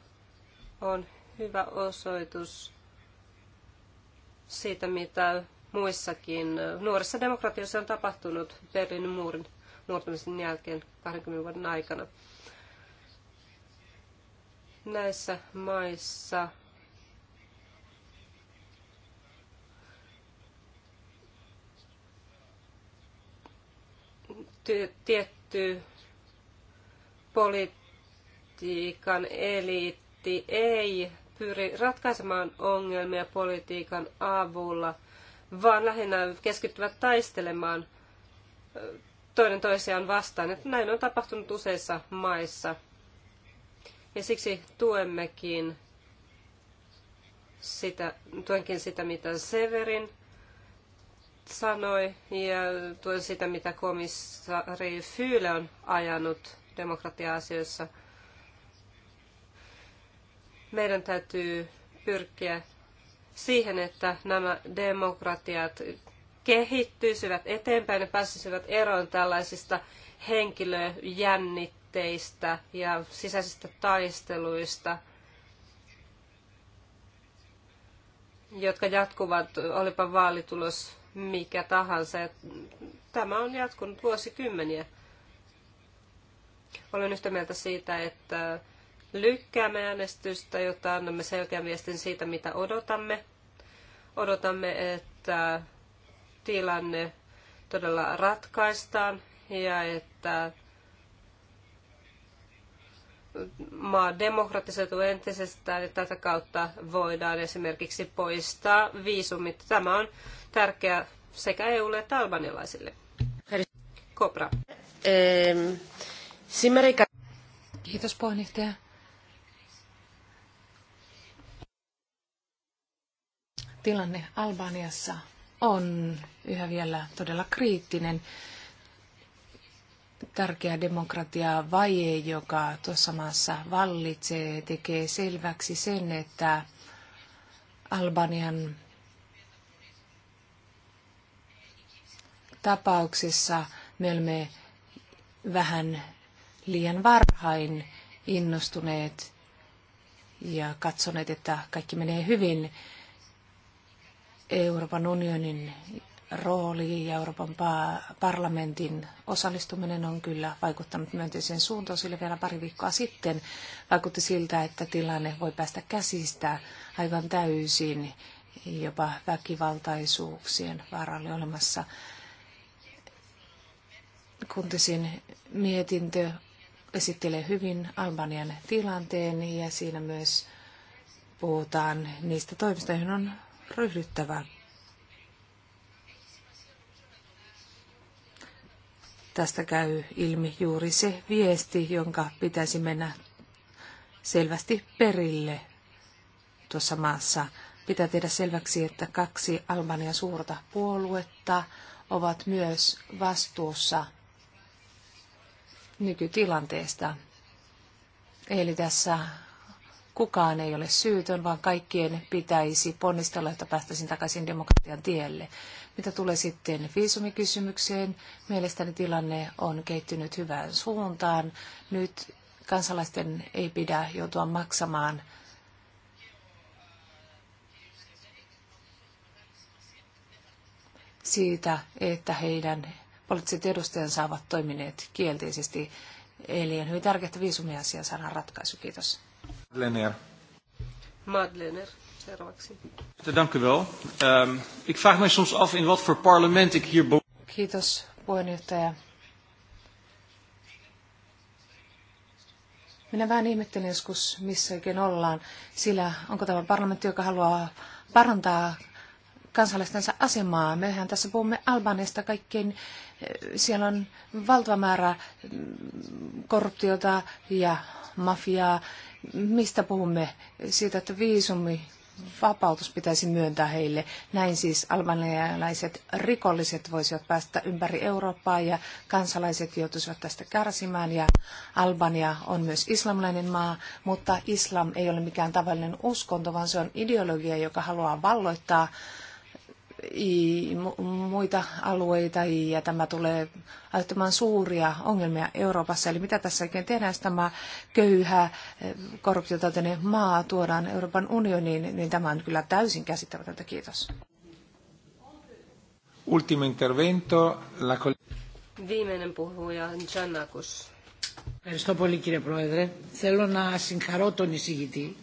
on hyvä osoitus siitä, mitä muissakin nuorissa demokratioissa on tapahtunut Berliinin muurin murtumisen jälkeen 20 vuoden aikana. Näissä maissa tietty politiikan eliitti ei pyri ratkaisemaan ongelmia politiikan avulla, vaan lähinnä keskittyvät taistelemaan toinen toisiaan vastaan. Että näin on tapahtunut useissa maissa. Ja siksi tuemmekin sitä, tuenkin sitä, mitä Severin sanoi, ja tuen sitä, mitä komissaari Fyyle on ajanut demokratia-asioissa – meidän täytyy pyrkiä siihen, että nämä demokratiat kehittyisivät eteenpäin ja pääsisivät eroon tällaisista henkilöjännitteistä ja sisäisistä taisteluista, jotka jatkuvat, olipa vaalitulos mikä tahansa. Tämä on jatkunut vuosikymmeniä. Olen yhtä mieltä siitä, että lykkäämme äänestystä, jotta annamme selkeän viestin siitä, mitä odotamme. Odotamme, että tilanne todella ratkaistaan ja että maa demokratisoituu entisestään ja tätä kautta voidaan esimerkiksi poistaa viisumit. Tämä on tärkeää sekä EUlle että albanilaisille. Kopra. Ehm, Kiitos puheenjohtaja. tilanne Albaniassa on yhä vielä todella kriittinen. Tärkeä demokratia vaje, joka tuossa maassa vallitsee, tekee selväksi sen, että Albanian tapauksessa me olemme vähän liian varhain innostuneet ja katsoneet, että kaikki menee hyvin Euroopan unionin rooli ja Euroopan parlamentin osallistuminen on kyllä vaikuttanut myönteiseen suuntaan, sillä vielä pari viikkoa sitten vaikutti siltä, että tilanne voi päästä käsistä aivan täysin, jopa väkivaltaisuuksien varalle olemassa. Kuntisin mietintö esittelee hyvin Albanian tilanteen ja siinä myös puhutaan niistä toimista, joihin on ryhdyttävä. Tästä käy ilmi juuri se viesti, jonka pitäisi mennä selvästi perille tuossa maassa. Pitää tehdä selväksi, että kaksi Albanian suurta puoluetta ovat myös vastuussa nykytilanteesta. Eli tässä Kukaan ei ole syytön, vaan kaikkien pitäisi ponnistella, että päästäisiin takaisin demokratian tielle. Mitä tulee sitten viisumikysymykseen, mielestäni tilanne on kehittynyt hyvään suuntaan. Nyt kansalaisten ei pidä joutua maksamaan siitä, että heidän poliittiset edustajansa ovat toimineet kielteisesti. Eli on hyvin tärkeää, että viisumiasia saadaan ratkaisu. Kiitos. Lenner. Madlener. Seuraavaksi. Dank u wel. Um, ik vraag mij soms af in wat voor parlement ik hier... Kiitos puheenjohtaja. Minä vähän ihmettelen joskus, missä oikein ollaan, sillä onko tämä parlamentti, joka haluaa parantaa kansalaistensa asemaa. Mehän tässä puhumme Albanista kaikkein, eh, siellä on valtava määrä mm, korruptiota ja mafiaa mistä puhumme? Siitä, että viisumi vapautus pitäisi myöntää heille. Näin siis albanialaiset rikolliset voisivat päästä ympäri Eurooppaa ja kansalaiset joutuisivat tästä kärsimään. Ja Albania on myös islamilainen maa, mutta islam ei ole mikään tavallinen uskonto, vaan se on ideologia, joka haluaa valloittaa muita alueita ja tämä tulee aiheuttamaan suuria ongelmia Euroopassa. Eli mitä tässä oikein tehdään, jos tämä köyhä eh, korruptiotautinen maa tuodaan Euroopan unioniin, niin tämä on kyllä täysin käsittämätöntä. Kiitos. Ultimo intervento, la Viimeinen puhuja, Giannakus. Ευχαριστώ πολύ κύριε Πρόεδρε. Θέλω να συγχαρώ τον εισηγητή.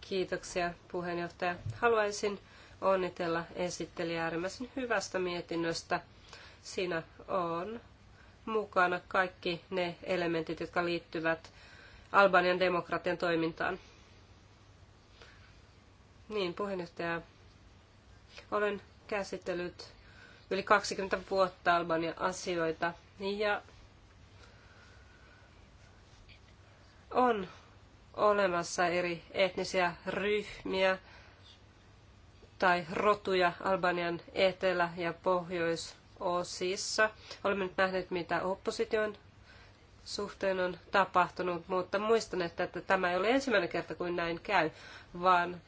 Kiitoksia puheenjohtaja. Haluaisin onnitella esittelijä äärimmäisen hyvästä mietinnöstä. Siinä on mukana kaikki ne elementit, jotka liittyvät Albanian demokratian toimintaan. Niin, puheenjohtaja, olen käsitellyt yli 20 vuotta Albanian asioita ja on olemassa eri etnisiä ryhmiä, tai rotuja Albanian etelä- ja pohjoisosissa. Olemme nyt nähneet, mitä opposition suhteen on tapahtunut, mutta muistan, että tämä ei ole ensimmäinen kerta, kun näin käy, vaan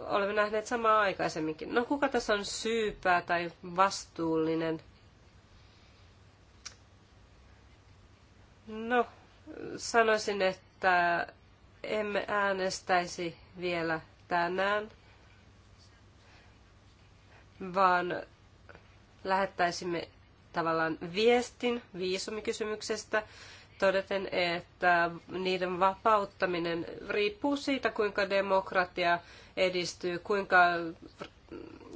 olemme nähneet samaa aikaisemminkin. No kuka tässä on syypää tai vastuullinen? No, sanoisin, että emme äänestäisi vielä tänään vaan lähettäisimme tavallaan viestin viisumikysymyksestä todeten, että niiden vapauttaminen riippuu siitä, kuinka demokratia edistyy, kuinka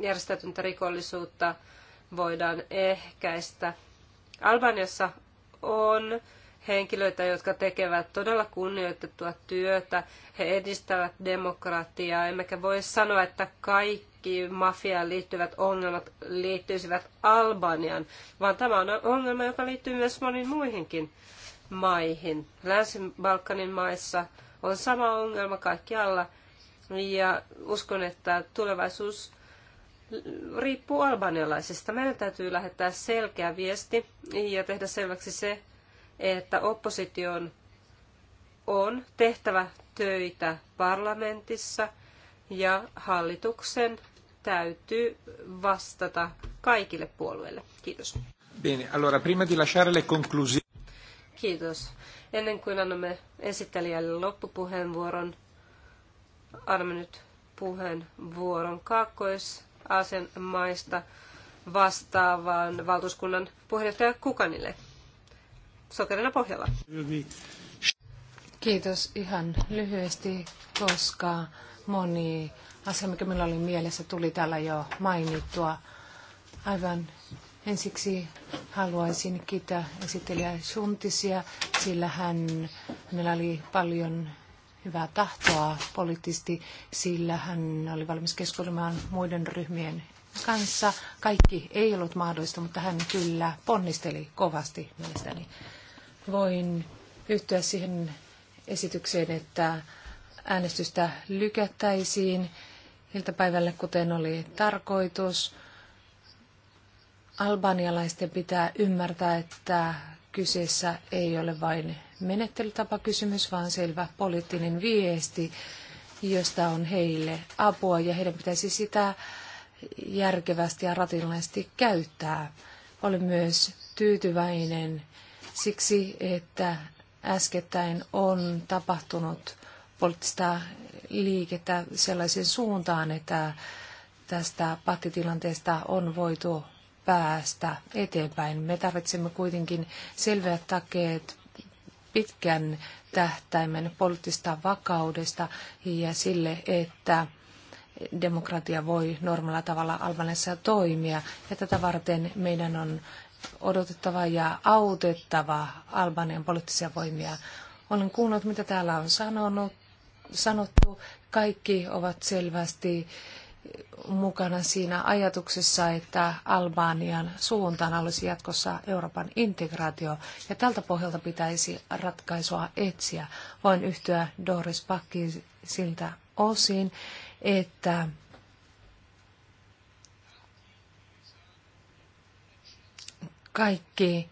järjestäytyntä rikollisuutta voidaan ehkäistä. Albaniassa on henkilöitä, jotka tekevät todella kunnioitettua työtä. He edistävät demokratiaa, emmekä voi sanoa, että kaikki kaikki mafiaan liittyvät ongelmat liittyisivät Albanian, vaan tämä on ongelma, joka liittyy myös moniin muihinkin maihin. Länsi-Balkanin maissa on sama ongelma kaikkialla ja uskon, että tulevaisuus riippuu albanialaisista. Meidän täytyy lähettää selkeä viesti ja tehdä selväksi se, että opposition on tehtävä töitä parlamentissa ja hallituksen täytyy vastata kaikille puolueille. Kiitos. Bene, allora prima di lasciare le conclusioni. Kiitos. Ennen kuin annamme esittelijälle loppupuheenvuoron, annamme nyt puheenvuoron kaakkoisasian maista vastaavaan valtuuskunnan puheenjohtaja Kukanille. Sokerina pohjalla. Kiitos ihan lyhyesti, koska moni asia, mikä minulla oli mielessä, tuli täällä jo mainittua. Aivan ensiksi haluaisin kiittää esittelijä Suntisia, sillä hän, hänellä oli paljon hyvää tahtoa poliittisesti, sillä hän oli valmis keskustelemaan muiden ryhmien kanssa. Kaikki ei ollut mahdollista, mutta hän kyllä ponnisteli kovasti mielestäni. Voin yhtyä siihen esitykseen, että äänestystä lykättäisiin iltapäivälle, kuten oli tarkoitus. Albanialaisten pitää ymmärtää, että kyseessä ei ole vain menettelytapakysymys, vaan selvä poliittinen viesti, josta on heille apua ja heidän pitäisi sitä järkevästi ja rationaalisesti käyttää. Olen myös tyytyväinen siksi, että äskettäin on tapahtunut poliittista liikettä sellaisen suuntaan, että tästä pattitilanteesta on voitu päästä eteenpäin. Me tarvitsemme kuitenkin selvät takeet pitkän tähtäimen poliittista vakaudesta ja sille, että demokratia voi normaalilla tavalla Albanessa toimia. Ja tätä varten meidän on odotettava ja autettava Albanian poliittisia voimia. Olen kuullut, mitä täällä on sanonut, sanottu, kaikki ovat selvästi mukana siinä ajatuksessa, että Albanian suuntaan olisi jatkossa Euroopan integraatio, ja tältä pohjalta pitäisi ratkaisua etsiä. Voin yhtyä Doris Pakkiin siltä osin, että kaikki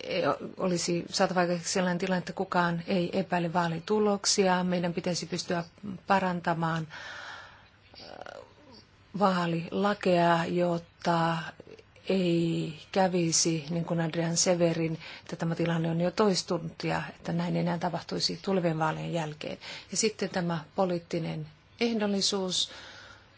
E, olisi saatavaiseksi sellainen tilanne, että kukaan ei epäile vaalituloksia. Meidän pitäisi pystyä parantamaan äh, vaalilakea, jotta ei kävisi, niin kuin Adrian Severin, että tämä tilanne on jo toistunut ja että näin enää tapahtuisi tulevien vaalien jälkeen. Ja sitten tämä poliittinen ehdollisuus.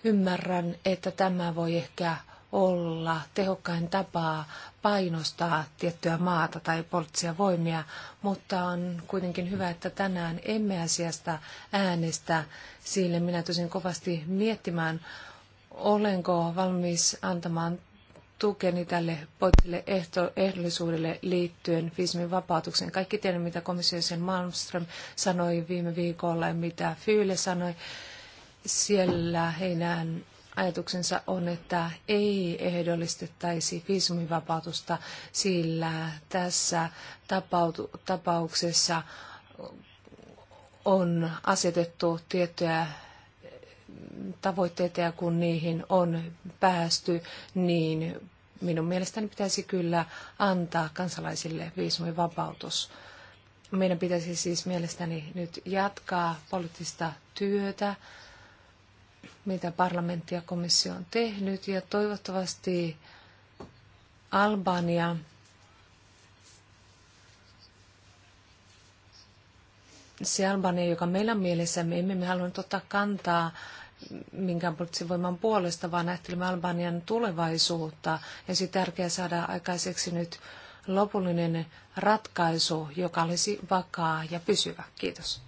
Ymmärrän, että tämä voi ehkä olla tehokkain tapa painostaa tiettyä maata tai poliittisia voimia, mutta on kuitenkin hyvä, että tänään emme asiasta äänestä. Sille minä tosin kovasti miettimään, olenko valmis antamaan tukeni tälle poliittiselle ehdollisuudelle liittyen viisumin vapautukseen. Kaikki tiedän, mitä komissiosen sen Malmström sanoi viime viikolla ja mitä Fyyle sanoi. Siellä heinään ajatuksensa on, että ei ehdollistettaisi viisumivapautusta, sillä tässä tapautu, tapauksessa on asetettu tiettyjä tavoitteita ja kun niihin on päästy, niin minun mielestäni pitäisi kyllä antaa kansalaisille viisumivapautus. Meidän pitäisi siis mielestäni nyt jatkaa poliittista työtä mitä parlamentti ja komissio on tehnyt. Ja toivottavasti Albania se Albania, joka meillä mielessä, me emme me halunnut ottaa kantaa minkään poliittisen voiman puolesta, vaan ajattelemme Albanian tulevaisuutta. Ja se tärkeää saada aikaiseksi nyt lopullinen ratkaisu, joka olisi vakaa ja pysyvä. Kiitos.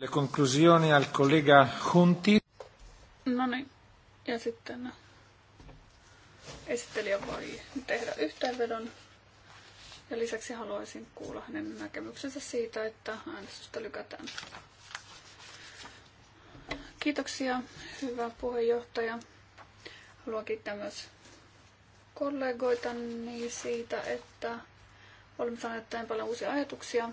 Le conclusioni al collega No niin, ja sitten esittelijä voi tehdä yhteenvedon. Ja lisäksi haluaisin kuulla hänen näkemyksensä siitä, että äänestystä lykätään. Kiitoksia, hyvä puheenjohtaja. Haluan kiittää myös kollegoitani siitä, että olemme saaneet näin paljon uusia ajatuksia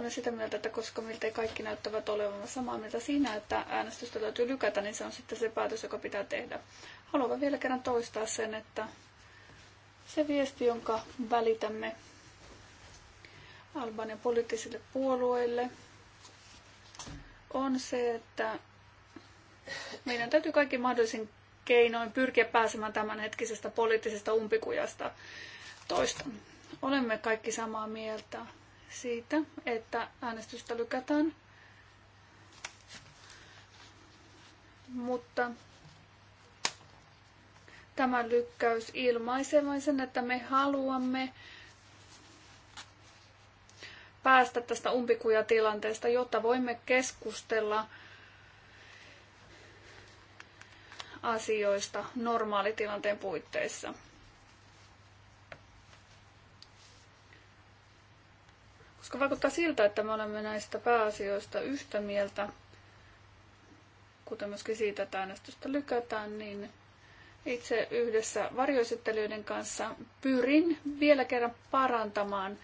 olen sitä mieltä, että koska miltei kaikki näyttävät olevan samaa mieltä siinä, että äänestystä täytyy lykätä, niin se on sitten se päätös, joka pitää tehdä. Haluan vielä kerran toistaa sen, että se viesti, jonka välitämme Albanian poliittisille puolueille, on se, että meidän täytyy kaikki mahdollisin keinoin pyrkiä pääsemään tämänhetkisestä poliittisesta umpikujasta toista. Olemme kaikki samaa mieltä siitä, että äänestystä lykätään. Mutta tämä lykkäys vain sen, että me haluamme päästä tästä umpikujatilanteesta, jotta voimme keskustella asioista normaalitilanteen puitteissa. koska vaikuttaa siltä, että me olemme näistä pääasioista yhtä mieltä, kuten myöskin siitä, että äänestystä lykätään, niin itse yhdessä varjoesittelijöiden kanssa pyrin vielä kerran parantamaan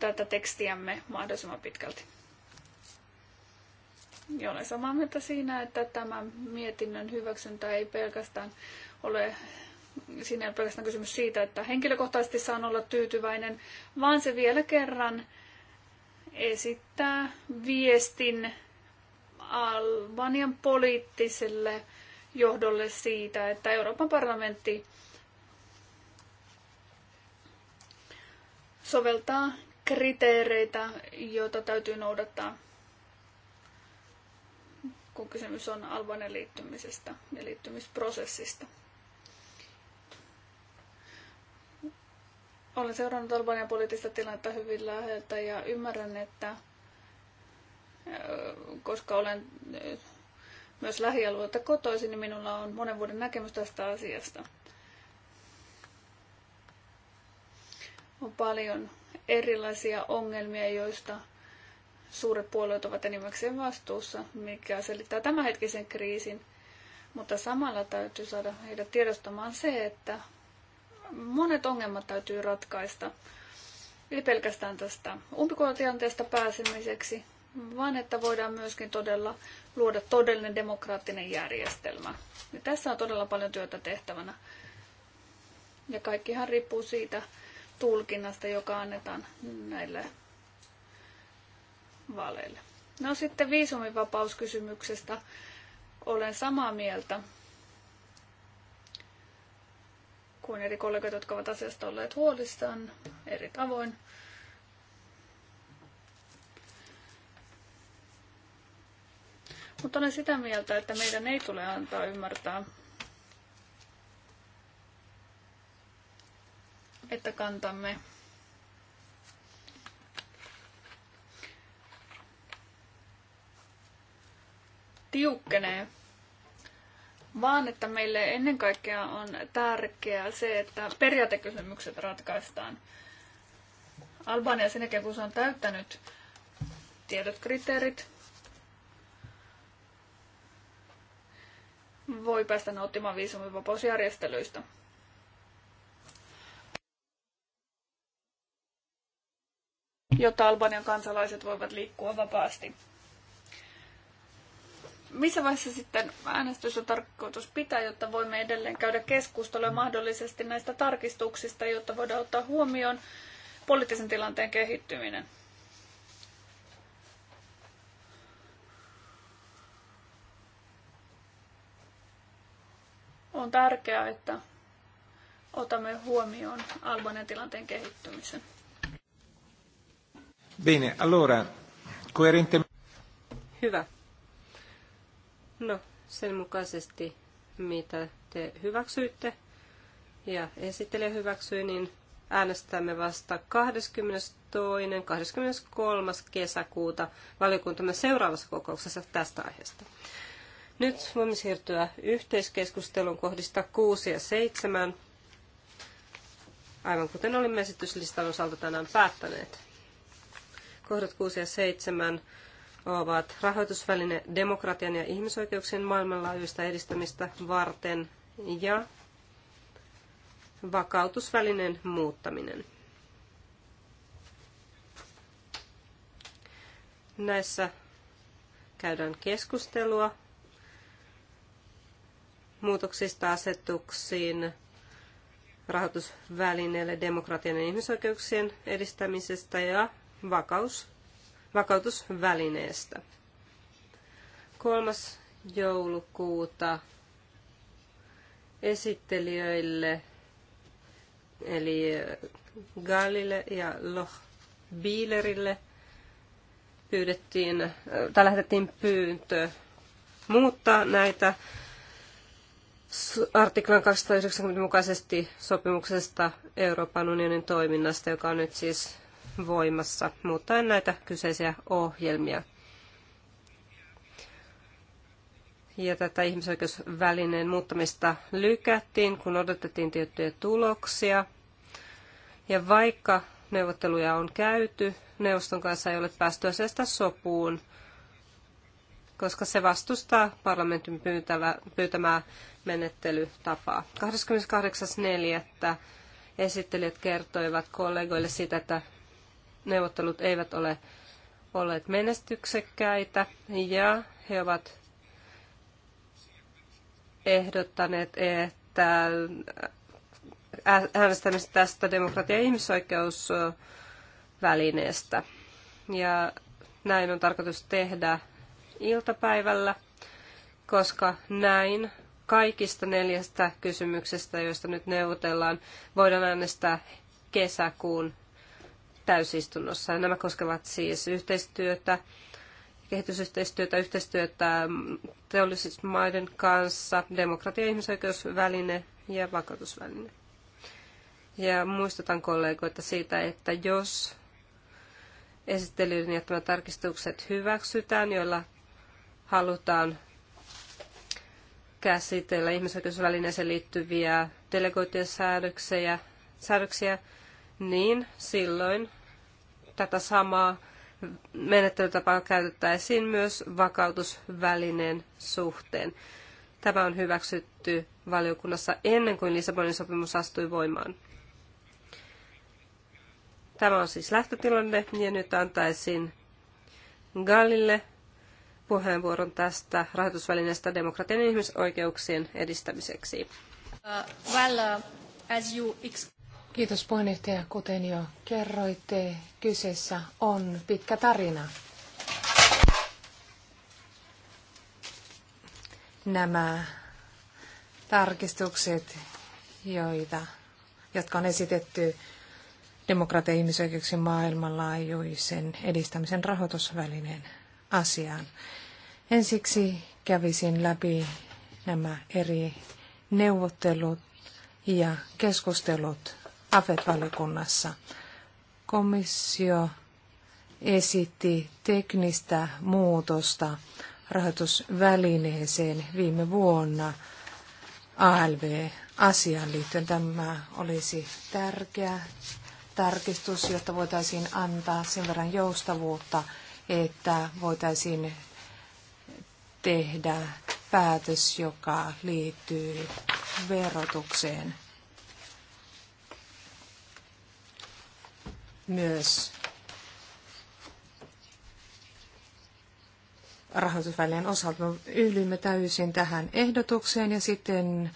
tätä tekstiämme mahdollisimman pitkälti. Ja olen samaa mieltä siinä, että tämä mietinnön hyväksyntä ei pelkästään ole, siinä ei ole pelkästään kysymys siitä, että henkilökohtaisesti saan olla tyytyväinen, vaan se vielä kerran esittää viestin Albanian poliittiselle johdolle siitä, että Euroopan parlamentti soveltaa kriteereitä, joita täytyy noudattaa, kun kysymys on Albanian liittymisestä ja liittymisprosessista. Olen seurannut Albanian poliittista tilannetta hyvin läheltä ja ymmärrän, että koska olen myös lähialueelta kotoisin, niin minulla on monen vuoden näkemys tästä asiasta. On paljon erilaisia ongelmia, joista suuret puolueet ovat enimmäkseen vastuussa, mikä selittää tämänhetkisen kriisin. Mutta samalla täytyy saada heidät tiedostamaan se, että monet ongelmat täytyy ratkaista. Ei pelkästään tästä umpikujatilanteesta pääsemiseksi, vaan että voidaan myöskin todella luoda todellinen demokraattinen järjestelmä. Ja tässä on todella paljon työtä tehtävänä. Ja kaikkihan riippuu siitä tulkinnasta, joka annetaan näille vaaleille. No sitten viisumivapauskysymyksestä olen samaa mieltä kuin eri kollegat, jotka ovat asiasta olleet huolissaan eri tavoin. Mutta olen sitä mieltä, että meidän ei tule antaa ymmärtää, että kantamme tiukkenee vaan että meille ennen kaikkea on tärkeää se, että periaatekysymykset ratkaistaan. Albania sen jälkeen, kun se on täyttänyt tietyt kriteerit, voi päästä nauttimaan viisumivapausjärjestelyistä. jotta Albanian kansalaiset voivat liikkua vapaasti missä vaiheessa sitten äänestys on tarkoitus pitää, jotta voimme edelleen käydä keskustelua mahdollisesti näistä tarkistuksista, jotta voidaan ottaa huomioon poliittisen tilanteen kehittyminen? On tärkeää, että otamme huomioon Albanian tilanteen kehittymisen. Bene, allora, coerente... Hyvä. No, sen mukaisesti, mitä te hyväksyitte ja esittelijä hyväksyi, niin äänestämme vasta 22. 23. kesäkuuta valiokuntamme seuraavassa kokouksessa tästä aiheesta. Nyt voimme siirtyä yhteiskeskustelun kohdista 6 ja 7, aivan kuten olimme esityslistan osalta tänään päättäneet. Kohdat 6 ja 7 ovat rahoitusväline demokratian ja ihmisoikeuksien maailmanlaajuista edistämistä varten ja vakautusvälineen muuttaminen. Näissä käydään keskustelua muutoksista asetuksiin rahoitusvälineelle demokratian ja ihmisoikeuksien edistämisestä ja vakaus vakautusvälineestä. 3. joulukuuta esittelijöille, eli Gallille ja Loch Bielerille pyydettiin, tai lähetettiin pyyntö muuttaa näitä artiklan 290 mukaisesti sopimuksesta Euroopan unionin toiminnasta, joka on nyt siis voimassa muuttaen näitä kyseisiä ohjelmia. Ja tätä ihmisoikeusvälineen muuttamista lykättiin, kun odotettiin tiettyjä tuloksia. Ja vaikka neuvotteluja on käyty, neuvoston kanssa ei ole päästy asiasta sopuun, koska se vastustaa parlamentin pyytävä, pyytämää menettelytapaa. 28.4. esittelijät kertoivat kollegoille siitä, että neuvottelut eivät ole olleet menestyksekkäitä ja he ovat ehdottaneet, että äänestämistä tästä demokratia- ja ihmisoikeusvälineestä. Ja näin on tarkoitus tehdä iltapäivällä, koska näin kaikista neljästä kysymyksestä, joista nyt neuvotellaan, voidaan äänestää kesäkuun täysistunnossa. Nämä koskevat siis yhteistyötä, kehitysyhteistyötä, yhteistyötä teollisuusmaiden kanssa, demokratia- ja ihmisoikeusväline ja vakautusväline. Ja muistutan kollegoita siitä, että jos esittelyyn jättämät tarkistukset hyväksytään, joilla halutaan käsitellä ihmisoikeusvälineeseen liittyviä delegoitujen säädöksiä, säädöksiä, niin silloin tätä samaa menettelytapaa käytettäisiin myös vakautusvälineen suhteen. Tämä on hyväksytty valiokunnassa ennen kuin Lissabonin sopimus astui voimaan. Tämä on siis lähtötilanne ja nyt antaisin Gallille puheenvuoron tästä rahoitusvälineestä demokratian ja ihmisoikeuksien edistämiseksi. Uh, well, uh, as you... Kiitos puheenjohtaja. Kuten jo kerroitte, kyseessä on pitkä tarina. Nämä tarkistukset, joita, jotka on esitetty demokratia- ja ihmisoikeuksien maailmanlaajuisen edistämisen rahoitusvälineen asiaan. Ensiksi kävisin läpi nämä eri neuvottelut ja keskustelut AFET-valiokunnassa. Komissio esitti teknistä muutosta rahoitusvälineeseen viime vuonna ALV-asiaan liittyen. Tämä olisi tärkeä tarkistus, jotta voitaisiin antaa sen verran joustavuutta, että voitaisiin tehdä päätös, joka liittyy verotukseen – myös rahoitusvälineen osalta. Me yhdymme täysin tähän ehdotukseen ja sitten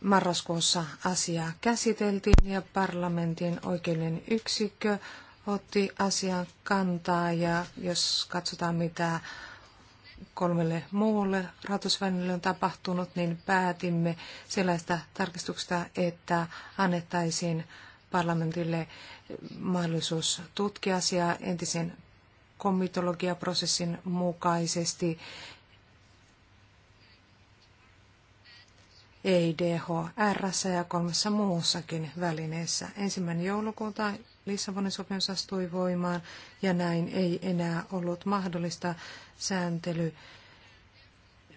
marraskuussa asiaa käsiteltiin ja parlamentin oikeuden yksikkö otti asian kantaa ja jos katsotaan mitä kolmelle muulle rahoitusvälineelle on tapahtunut, niin päätimme sellaista tarkistuksesta, että annettaisiin parlamentille mahdollisuus tutkia asiaa entisen komitologiaprosessin mukaisesti. EIDHR ja kolmessa muussakin välineessä. Ensimmäinen joulukuuta Lissabonin sopimus astui voimaan ja näin ei enää ollut mahdollista sääntely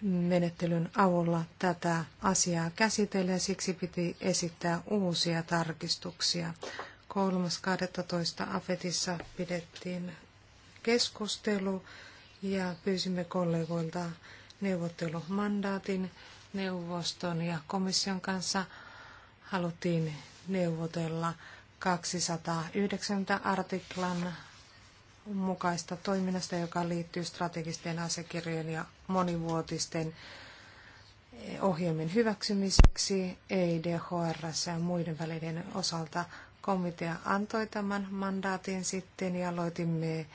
menettelyn avulla tätä asiaa käsitellä ja siksi piti esittää uusia tarkistuksia. 3.12. Afetissa pidettiin keskustelu ja pyysimme kollegoilta neuvottelumandaatin neuvoston ja komission kanssa. Haluttiin neuvotella 290 artiklan mukaista toiminnasta, joka liittyy strategisten asekirjojen ja monivuotisten eh, ohjelmien hyväksymiseksi EIDHR ja muiden välineiden osalta. Komitea antoi tämän mandaatin sitten ja aloitimme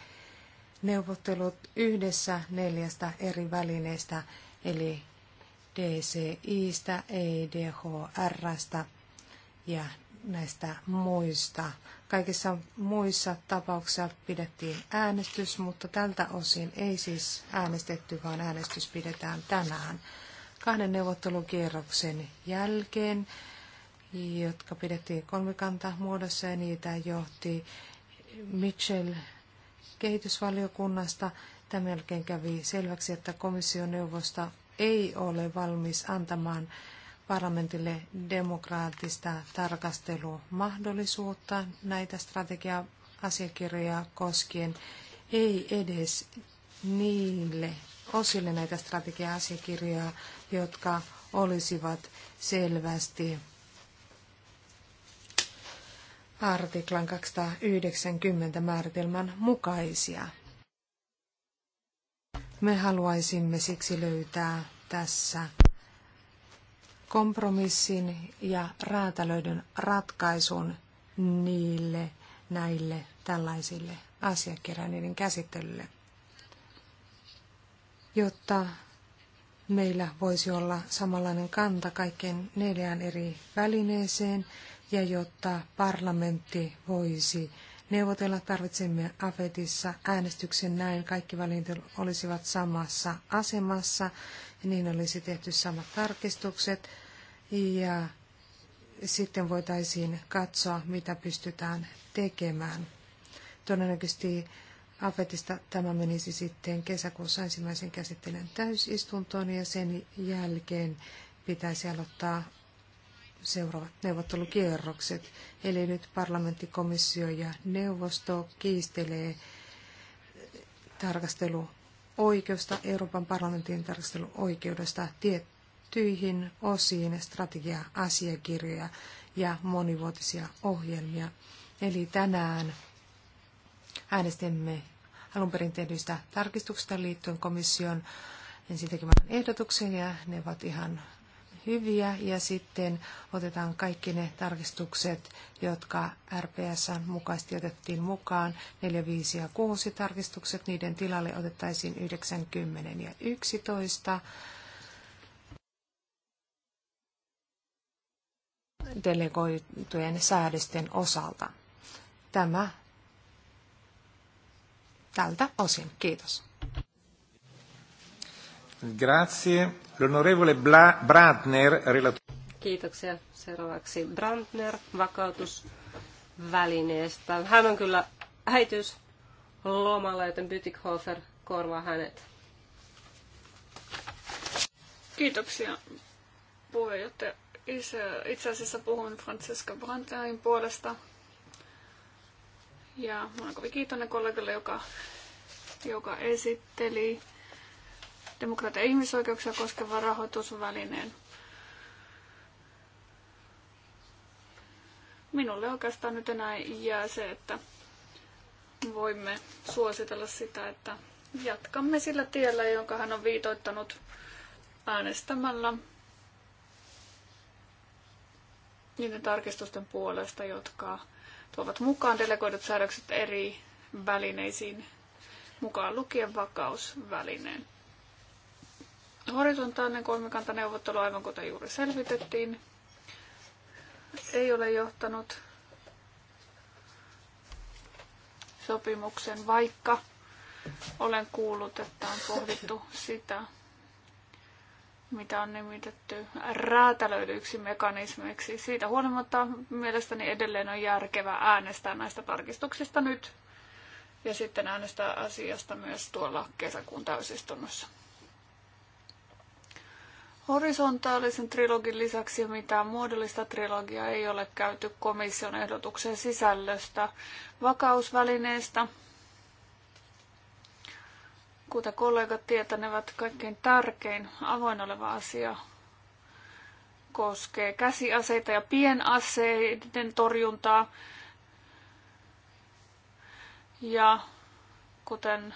neuvottelut yhdessä neljästä eri välineestä, eli DCIstä, EIDHRstä ja näistä muista Kaikissa muissa tapauksissa pidettiin äänestys, mutta tältä osin ei siis äänestetty, vaan äänestys pidetään tänään. Kahden neuvottelukierroksen jälkeen, jotka pidettiin kolmikanta muodossa ja niitä johti Mitchell kehitysvaliokunnasta. Tämän jälkeen kävi selväksi, että komission neuvosta ei ole valmis antamaan parlamentille demokraattista tarkastelumahdollisuutta näitä strategia-asiakirjoja koskien, ei edes niille osille näitä strategia-asiakirjoja, jotka olisivat selvästi artiklan 290 määritelmän mukaisia. Me haluaisimme siksi löytää tässä kompromissin ja räätälöidyn ratkaisun niille näille tällaisille asiakirjainiden käsittelylle, jotta meillä voisi olla samanlainen kanta kaikkien neljään eri välineeseen ja jotta parlamentti voisi neuvotella tarvitsemme AFETissa äänestyksen näin kaikki valinnat olisivat samassa asemassa niin olisi tehty samat tarkistukset ja sitten voitaisiin katsoa, mitä pystytään tekemään. Todennäköisesti Afetista tämä menisi sitten kesäkuussa ensimmäisen käsittelyn täysistuntoon ja sen jälkeen pitäisi aloittaa seuraavat neuvottelukierrokset. Eli nyt parlamenttikomissio ja neuvosto kiistelee tarkastelu oikeusta, Euroopan parlamentin tarkasteluoikeudesta tiettyihin osiin strategia asiakirjoja ja monivuotisia ohjelmia. Eli tänään äänestimme alun perin tehdyistä tarkistuksista liittyen komission ensin tekemään ehdotuksen ja ne ovat ihan hyviä ja sitten otetaan kaikki ne tarkistukset, jotka RPSn mukaisesti otettiin mukaan. 4, 5 ja 6 tarkistukset, niiden tilalle otettaisiin 9, 10 ja 11. delegoitujen säädösten osalta. Tämä tältä osin. Kiitos. Grazie. L'onorevole Bla- Brandner, relator... Kiitoksia. Seuraavaksi Brandner, vakautusvälineestä. Hän on kyllä äitys lomalla, joten Bütikhofer korvaa hänet. Kiitoksia puheenjohtaja. Itse asiassa puhun Francesca Brandnerin puolesta. Ja olen kovin kiitollinen kollegalle, joka, joka esitteli demokratia- ja ihmisoikeuksia koskevan rahoitusvälineen. Minulle oikeastaan nyt enää jää se, että voimme suositella sitä, että jatkamme sillä tiellä, jonka hän on viitoittanut äänestämällä niiden tarkistusten puolesta, jotka tuovat mukaan delegoidut säädökset eri välineisiin, mukaan lukien vakausvälineen. Horisontaalinen kolmikantaneuvottelu, aivan kuten juuri selvitettiin, ei ole johtanut sopimuksen, vaikka olen kuullut, että on pohdittu sitä, mitä on nimitetty räätälöidyksi mekanismiksi. Siitä huolimatta mielestäni edelleen on järkevää äänestää näistä tarkistuksista nyt ja sitten äänestää asiasta myös tuolla kesäkuun täysistunnossa. Horisontaalisen trilogin lisäksi mitään muodollista trilogiaa ei ole käyty komission ehdotuksen sisällöstä vakausvälineestä. Kuten kollegat tietänevät, kaikkein tärkein avoin oleva asia koskee käsiaseita ja pienaseiden torjuntaa. Ja kuten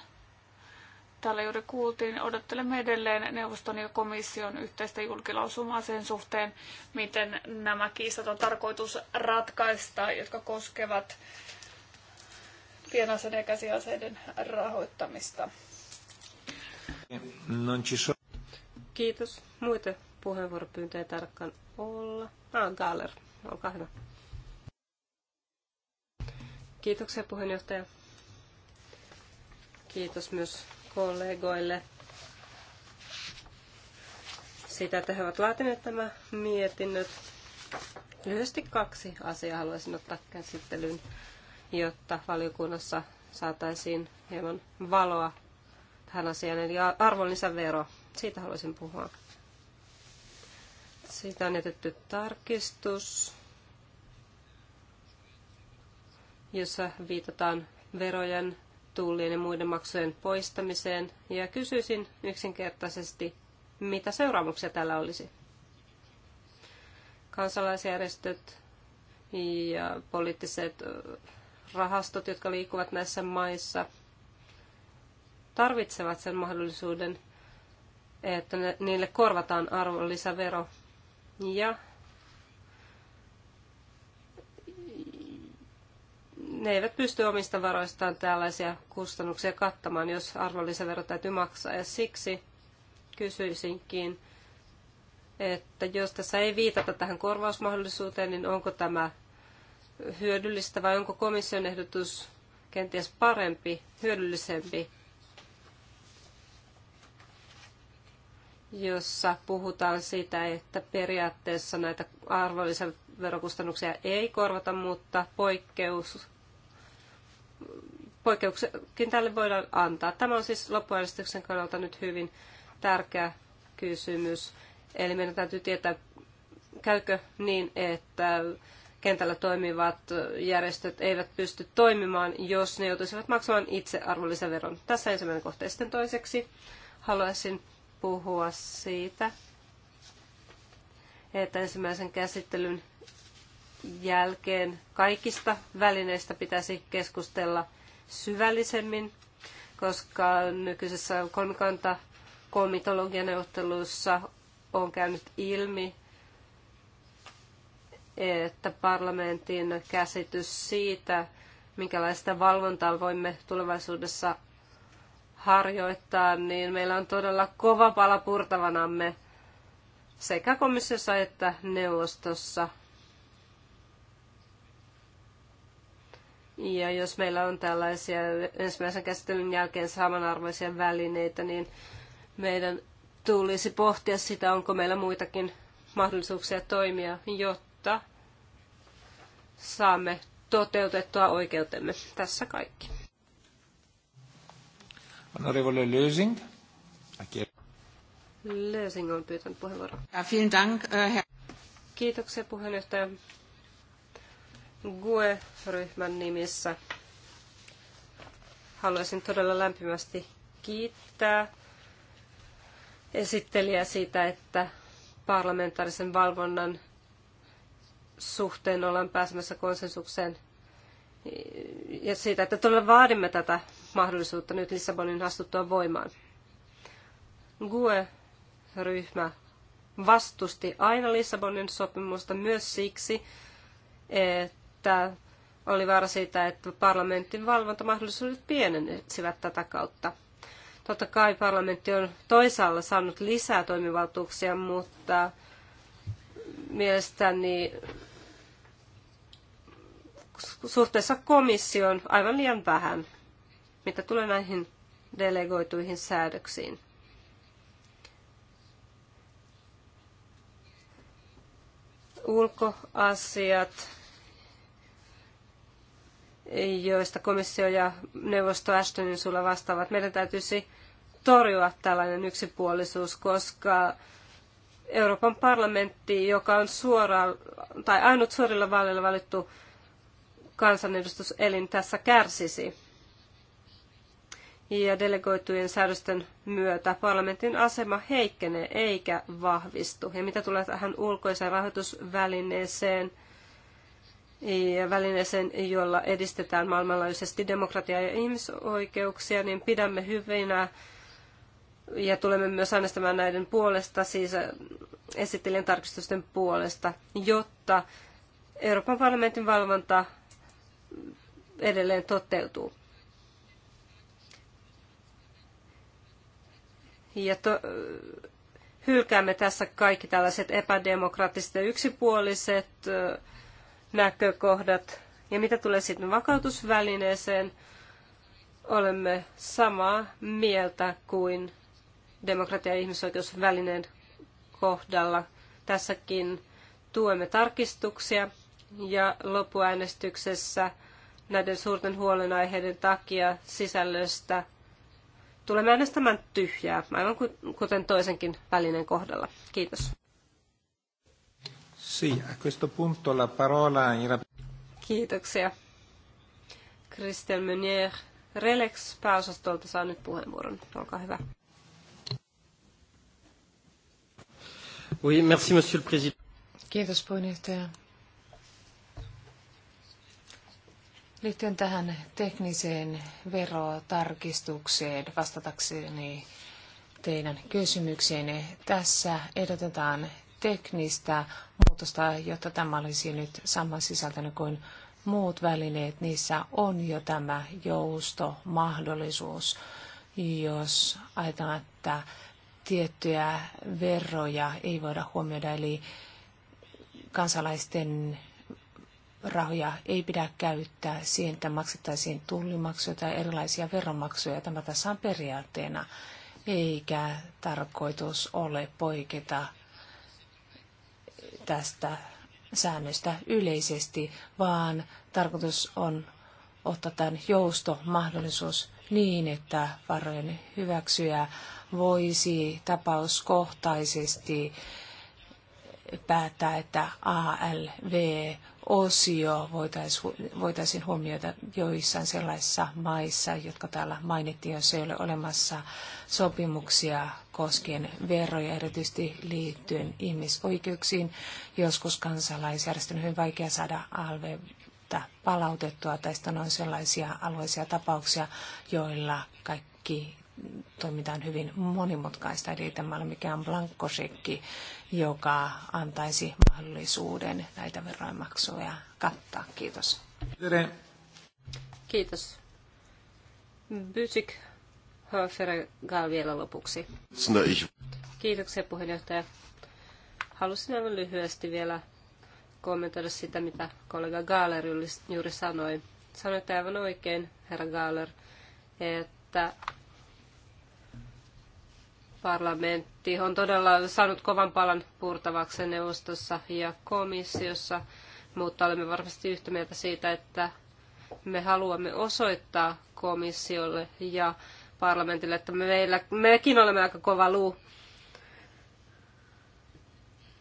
Täällä juuri kuultiin, odottelemme edelleen neuvoston ja komission yhteistä julkilausumaa sen suhteen, miten nämä kiistat on tarkoitus ratkaista, jotka koskevat pienaseiden ja käsiaseiden rahoittamista. Kiitos. Muita puheenvuoropyyntöjä tarkkaan olla. Ah, Galler, olkaa hyvä. Kiitoksia puheenjohtaja. Kiitos myös kollegoille sitä, että he ovat laatineet tämä mietinnöt. Lyhyesti kaksi asiaa haluaisin ottaa käsittelyyn, jotta valiokunnassa saataisiin hieman valoa tähän asiaan, eli arvonlisävero. Siitä haluaisin puhua. Siitä on jätetty tarkistus, jossa viitataan verojen tullien ja muiden maksujen poistamiseen ja kysyisin yksinkertaisesti, mitä seuraamuksia tällä olisi. Kansalaisjärjestöt ja poliittiset rahastot, jotka liikkuvat näissä maissa, tarvitsevat sen mahdollisuuden, että niille korvataan arvonlisävero. Ja ne eivät pysty omista varoistaan tällaisia kustannuksia kattamaan, jos arvonlisävero täytyy maksaa. Ja siksi kysyisinkin, että jos tässä ei viitata tähän korvausmahdollisuuteen, niin onko tämä hyödyllistä vai onko komission ehdotus kenties parempi, hyödyllisempi, jossa puhutaan siitä, että periaatteessa näitä arvonlisäverokustannuksia ei korvata, mutta poikkeus poikkeuksiakin tälle voidaan antaa. Tämä on siis loppuäänestyksen kannalta nyt hyvin tärkeä kysymys. Eli meidän täytyy tietää, käykö niin, että kentällä toimivat järjestöt eivät pysty toimimaan, jos ne joutuisivat maksamaan itse arvonlisäveron. Tässä ensimmäinen kohta. Sitten toiseksi haluaisin puhua siitä, että ensimmäisen käsittelyn jälkeen kaikista välineistä pitäisi keskustella syvällisemmin, koska nykyisessä kolmikanta komitologianeuvottelussa on käynyt ilmi, että parlamentin käsitys siitä, minkälaista valvontaa voimme tulevaisuudessa harjoittaa, niin meillä on todella kova pala purtavanamme sekä komissiossa että neuvostossa – Ja jos meillä on tällaisia ensimmäisen käsittelyn jälkeen samanarvoisia välineitä, niin meidän tulisi pohtia sitä, onko meillä muitakin mahdollisuuksia toimia, jotta saamme toteutettua oikeutemme. Tässä kaikki. Honorable Lösing. Lösing on pyytänyt puheenvuoron. Ja, vielen Dank, äh, Kiitoksia puheenjohtaja. GUE-ryhmän nimissä haluaisin todella lämpimästi kiittää esittelijää siitä, että parlamentaarisen valvonnan suhteen ollaan pääsemässä konsensukseen ja siitä, että todella vaadimme tätä mahdollisuutta nyt Lissabonin astuttua voimaan. GUE-ryhmä vastusti aina Lissabonin sopimusta myös siksi, että että oli vaara siitä, että parlamentin valvontamahdollisuudet pienenisivät tätä kautta. Totta kai parlamentti on toisaalla saanut lisää toimivaltuuksia, mutta mielestäni suhteessa komission aivan liian vähän, mitä tulee näihin delegoituihin säädöksiin. Ulkoasiat joista komissio ja neuvosto Ashtonin sulla vastaavat. Meidän täytyisi torjua tällainen yksipuolisuus, koska Euroopan parlamentti, joka on suora tai ainut suorilla vaaleilla valittu kansanedustuselin tässä kärsisi. Ja delegoitujen säädösten myötä parlamentin asema heikkenee eikä vahvistu. Ja mitä tulee tähän ulkoiseen rahoitusvälineeseen – ja välineeseen, jolla edistetään maailmanlaajuisesti demokratiaa ja ihmisoikeuksia, niin pidämme hyvinä ja tulemme myös äänestämään näiden puolesta, siis äh, esittelijän tarkistusten puolesta, jotta Euroopan parlamentin valvonta edelleen toteutuu. Ja to, äh, hylkäämme tässä kaikki tällaiset epädemokraattiset ja yksipuoliset äh, näkökohdat. Ja mitä tulee sitten vakautusvälineeseen, olemme samaa mieltä kuin demokratia- ja ihmisoikeusvälineen kohdalla. Tässäkin tuemme tarkistuksia ja loppuäänestyksessä näiden suurten huolenaiheiden takia sisällöstä tulemme äänestämään tyhjää, aivan kuten toisenkin välineen kohdalla. Kiitos. Sì, a questo punto la parola in Kiitoksia. Christian Meunier Relex pääosastolta saa nyt puheenvuoron. Olkaa hyvä. Oui, merci, monsieur le président. Kiitos puheenjohtaja. Liittyen tähän tekniseen verotarkistukseen vastatakseni teidän kysymykseenne, tässä ehdotetaan teknistä muutosta, jotta tämä olisi nyt samansisältöinen kuin muut välineet. Niissä on jo tämä joustomahdollisuus, jos ajatellaan, että tiettyjä veroja ei voida huomioida, eli kansalaisten rahoja ei pidä käyttää siihen, että maksettaisiin tullimaksuja tai erilaisia veromaksuja. Tämä tässä on periaatteena, eikä tarkoitus ole poiketa tästä säännöstä yleisesti, vaan tarkoitus on ottaa tämän joustomahdollisuus niin, että varojen hyväksyjä voisi tapauskohtaisesti päättää, että ALV-osio voitaisiin huomioida joissain sellaisissa maissa, jotka täällä mainittiin, jos ei ole olemassa sopimuksia koskien veroja, erityisesti liittyen ihmisoikeuksiin. Joskus kansalaisjärjestön on hyvin vaikea saada ALV palautettua, tai sitten on sellaisia alueisia tapauksia, joilla kaikki toimitaan hyvin monimutkaista, eli tämä on ole mikään blankkosekki, joka antaisi mahdollisuuden näitä veroimaksuja kattaa. Kiitos. Kiitos. Bysik Höferegal vielä lopuksi. Kiitoksia puheenjohtaja. Halusin aivan lyhyesti vielä kommentoida sitä, mitä kollega Gaaler juuri sanoi. Sanoitte aivan oikein, herra Gaaler, että parlamentti on todella saanut kovan palan purtavakseen neuvostossa ja komissiossa, mutta olemme varmasti yhtä mieltä siitä, että me haluamme osoittaa komissiolle ja parlamentille, että meillä, mekin olemme aika kova luu,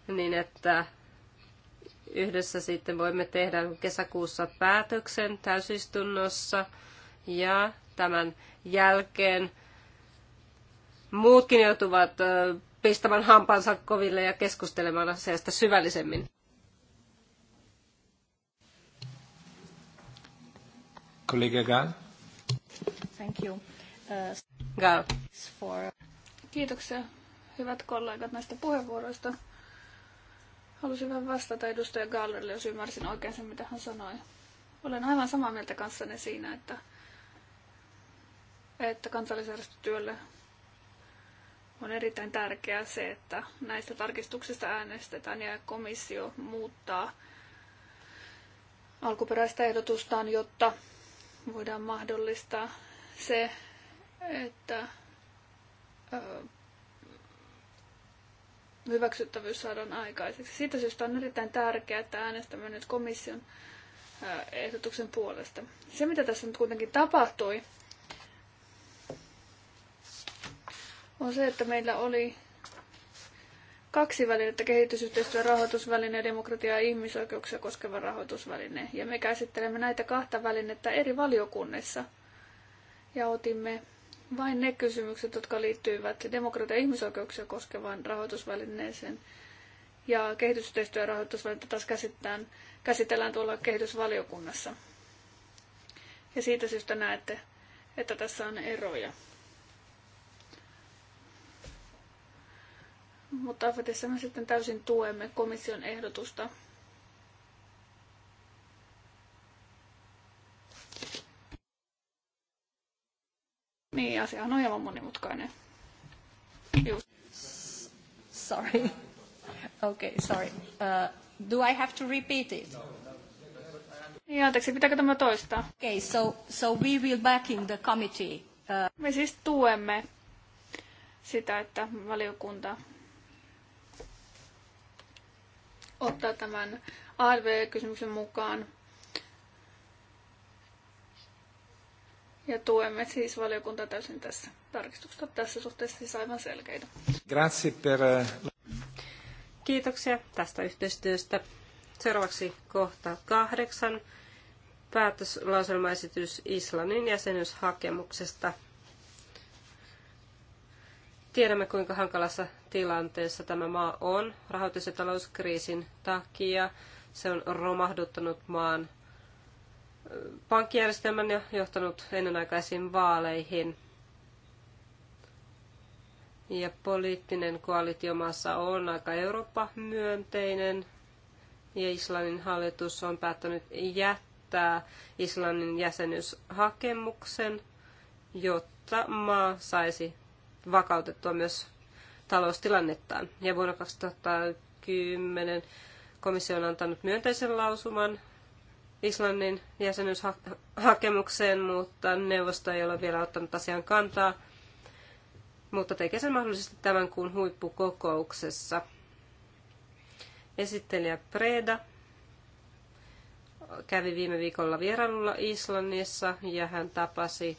niin että yhdessä sitten voimme tehdä kesäkuussa päätöksen täysistunnossa ja tämän jälkeen muutkin joutuvat pistämään hampansa koville ja keskustelemaan asiasta syvällisemmin. Kollega Gall. Thank you. Uh, Gall. For... Kiitoksia hyvät kollegat näistä puheenvuoroista. Halusin vähän vastata edustaja Gallerille, jos ymmärsin oikein sen, mitä hän sanoi. Olen aivan samaa mieltä kanssanne siinä, että, että kansallisjärjestötyölle on erittäin tärkeää se, että näistä tarkistuksista äänestetään ja komissio muuttaa alkuperäistä ehdotustaan, jotta voidaan mahdollistaa se, että hyväksyttävyys saadaan aikaiseksi. Siitä syystä on erittäin tärkeää, että äänestämme nyt komission ehdotuksen puolesta. Se, mitä tässä nyt kuitenkin tapahtui, on se, että meillä oli kaksi välinettä, kehitysyhteistyö, rahoitusväline ja demokratiaa ja ihmisoikeuksia koskeva rahoitusväline. Ja me käsittelemme näitä kahta välinettä eri valiokunnissa. Ja otimme vain ne kysymykset, jotka liittyivät demokratia- ja ihmisoikeuksia koskevaan rahoitusvälineeseen. Ja ja rahoitusvälinettä taas käsitellään, käsitellään tuolla kehitysvaliokunnassa. Ja siitä syystä näette, että tässä on eroja. Mutta tässä me sitten täysin tuemme komission ehdotusta. Niin, asia on aivan monimutkainen. Just. Sorry. Okay, sorry. Uh, do I have to repeat it? No, no. Niin, anteeksi, pitääkö tämä toistaa? Okay, so, so we will back in the committee. Uh... Me siis tuemme sitä, että valiokunta ottaa tämän ALV-kysymyksen mukaan. Ja tuemme siis valiokunta täysin tässä tarkistuksessa. Tässä suhteessa siis aivan selkeitä. Grazie per... Kiitoksia tästä yhteistyöstä. Seuraavaksi kohta kahdeksan. Päätöslauselmaesitys Islannin jäsenyyshakemuksesta Tiedämme, kuinka hankalassa tilanteessa tämä maa on rahoitus- ja talouskriisin takia. Se on romahduttanut maan pankkijärjestelmän ja johtanut ennenaikaisiin vaaleihin. Ja poliittinen koalitio maassa on aika Eurooppa-myönteinen. Ja Islannin hallitus on päättänyt jättää Islannin jäsenyyshakemuksen, jotta maa saisi vakautettua myös taloustilannettaan. Ja vuonna 2010 komissio on antanut myönteisen lausuman Islannin jäsenyyshakemukseen, mutta neuvosto ei ole vielä ottanut asian kantaa, mutta tekee sen mahdollisesti tämän kuun huippukokouksessa. Esittelijä Preda kävi viime viikolla vierailulla Islannissa ja hän tapasi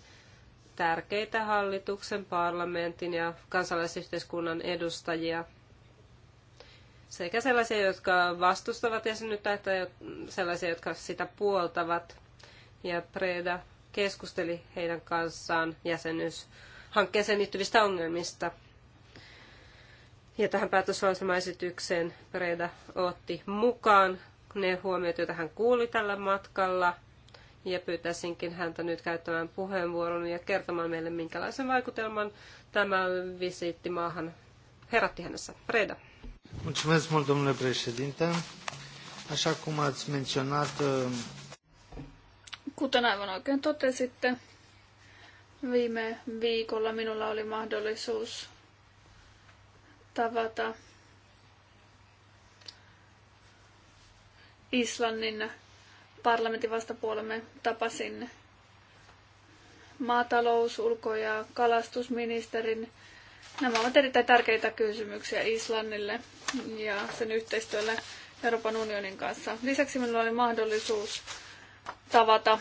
tärkeitä hallituksen, parlamentin ja kansalaisyhteiskunnan edustajia sekä sellaisia, jotka vastustavat jäsenyyttä, että sellaisia, jotka sitä puoltavat. Ja Preda keskusteli heidän kanssaan jäsenyyshankkeeseen liittyvistä ongelmista. Ja tähän päätöslauselmaesitykseen Preda otti mukaan ne huomiot, joita hän kuuli tällä matkalla – ja pyytäisinkin häntä nyt käyttämään puheenvuoron ja kertomaan meille, minkälaisen vaikutelman tämä visiitti maahan herätti hänessä. Preda. Mulțumesc mult, domnule președinte. Așa cum ați menționat... Um, Kuten aivan oikein totesitte, viime viikolla minulla oli mahdollisuus tavata Islannin parlamentin vastapuolemme tapasin maatalous-, ulko- ja kalastusministerin. Nämä ovat erittäin tärkeitä kysymyksiä Islannille ja sen yhteistyölle Euroopan unionin kanssa. Lisäksi minulla oli mahdollisuus tavata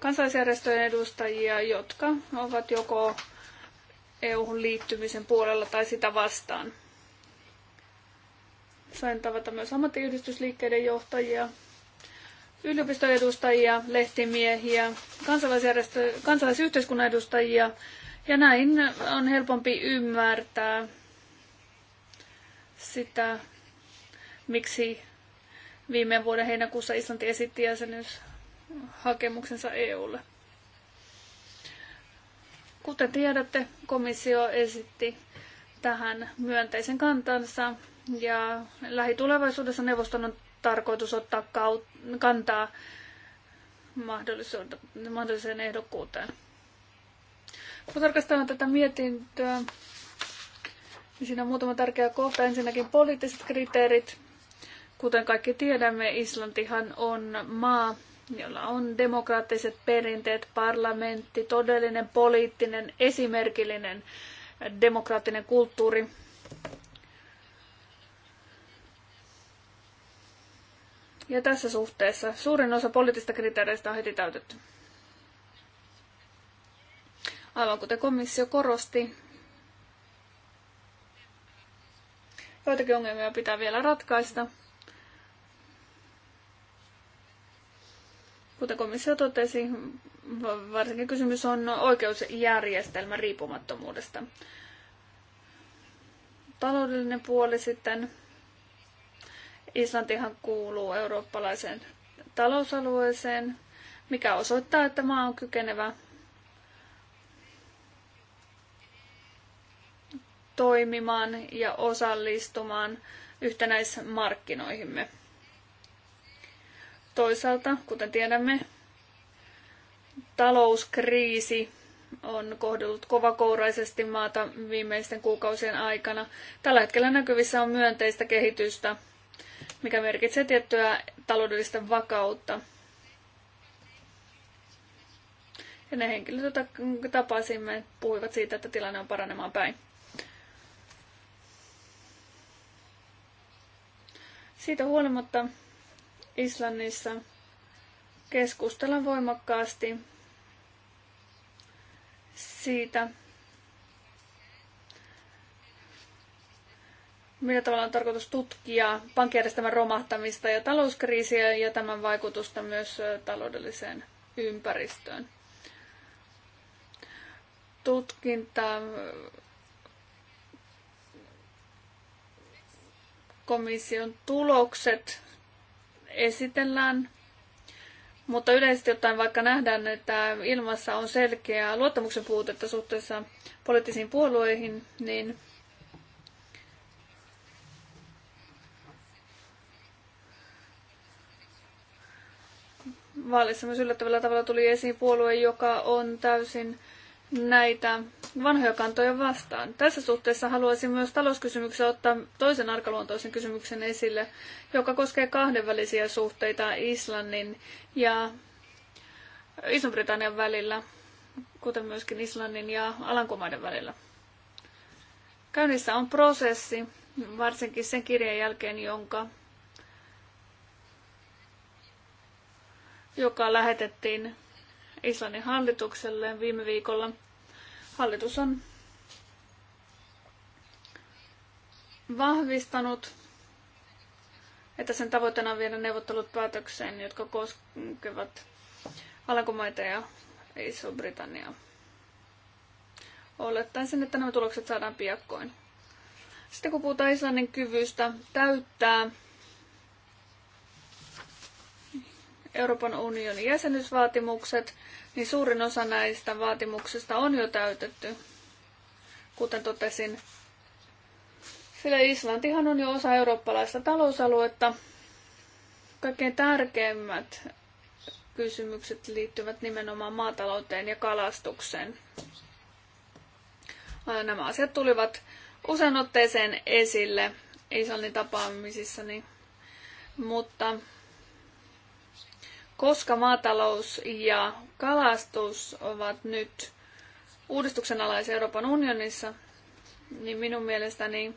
kansalaisjärjestöjen edustajia, jotka ovat joko EU-liittymisen puolella tai sitä vastaan. Sain tavata myös ammattiyhdistysliikkeiden johtajia, yliopistoedustajia, lehtimiehiä, kansalaisjärjestö, kansalaisyhteiskunnan edustajia. Ja näin on helpompi ymmärtää sitä, miksi viime vuoden heinäkuussa Islanti esitti jäsenyyshakemuksensa EUlle. Kuten tiedätte, komissio esitti tähän myönteisen kantansa ja lähitulevaisuudessa neuvoston on tarkoitus ottaa kantaa mahdolliseen ehdokkuuteen. Kun tarkastellaan tätä mietintöä, niin siinä on muutama tärkeä kohta. Ensinnäkin poliittiset kriteerit. Kuten kaikki tiedämme, Islantihan on maa, jolla on demokraattiset perinteet, parlamentti, todellinen poliittinen, esimerkillinen demokraattinen kulttuuri. Ja tässä suhteessa suurin osa poliittisista kriteereistä on heti täytetty. Aivan kuten komissio korosti, joitakin ongelmia pitää vielä ratkaista. Kuten komissio totesi, varsinkin kysymys on oikeusjärjestelmän riippumattomuudesta. Taloudellinen puoli sitten Islantihan kuuluu eurooppalaiseen talousalueeseen, mikä osoittaa, että maa on kykenevä toimimaan ja osallistumaan yhtenäismarkkinoihimme. Toisaalta, kuten tiedämme, talouskriisi on kohdellut kovakouraisesti maata viimeisten kuukausien aikana. Tällä hetkellä näkyvissä on myönteistä kehitystä mikä merkitsee tiettyä taloudellista vakautta. Ja ne henkilöt, joita tapasimme, puhuivat siitä, että tilanne on paranemaan päin. Siitä huolimatta Islannissa keskustellaan voimakkaasti siitä, millä tavalla on tarkoitus tutkia pankkijärjestelmän romahtamista ja talouskriisiä ja tämän vaikutusta myös taloudelliseen ympäristöön. Tutkinta komission tulokset esitellään, mutta yleisesti ottaen vaikka nähdään, että ilmassa on selkeää luottamuksen puutetta suhteessa poliittisiin puolueihin, niin vaaleissa myös yllättävällä tavalla tuli esiin puolue, joka on täysin näitä vanhoja kantoja vastaan. Tässä suhteessa haluaisin myös talouskysymyksen ottaa toisen arkaluontoisen kysymyksen esille, joka koskee kahdenvälisiä suhteita Islannin ja Iso-Britannian välillä, kuten myöskin Islannin ja Alankomaiden välillä. Käynnissä on prosessi, varsinkin sen kirjan jälkeen, jonka joka lähetettiin Islannin hallitukselle viime viikolla. Hallitus on vahvistanut, että sen tavoitteena on viedä neuvottelut päätökseen, jotka koskevat Alankomaita ja Iso-Britanniaa. Olettaisin, että nämä tulokset saadaan piakkoin. Sitten kun puhutaan Islannin kyvystä täyttää Euroopan unionin jäsenyysvaatimukset, niin suurin osa näistä vaatimuksista on jo täytetty. Kuten totesin, sillä Islantihan on jo osa eurooppalaista talousaluetta. Kaikkein tärkeimmät kysymykset liittyvät nimenomaan maatalouteen ja kalastukseen. Nämä asiat tulivat usein otteeseen esille Islannin tapaamisissani, mutta koska maatalous ja kalastus ovat nyt uudistuksen alaisia Euroopan unionissa, niin minun mielestäni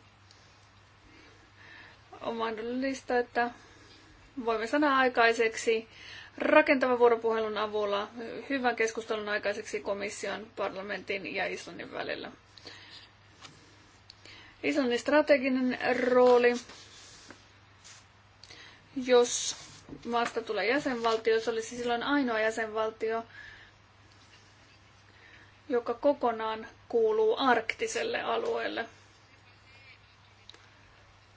on mahdollista, että voimme sanoa aikaiseksi rakentavan vuoropuhelun avulla hyvän keskustelun aikaiseksi komission, parlamentin ja Islannin välillä. Islannin strateginen rooli, jos maasta tulee jäsenvaltio, se olisi silloin ainoa jäsenvaltio, joka kokonaan kuuluu arktiselle alueelle.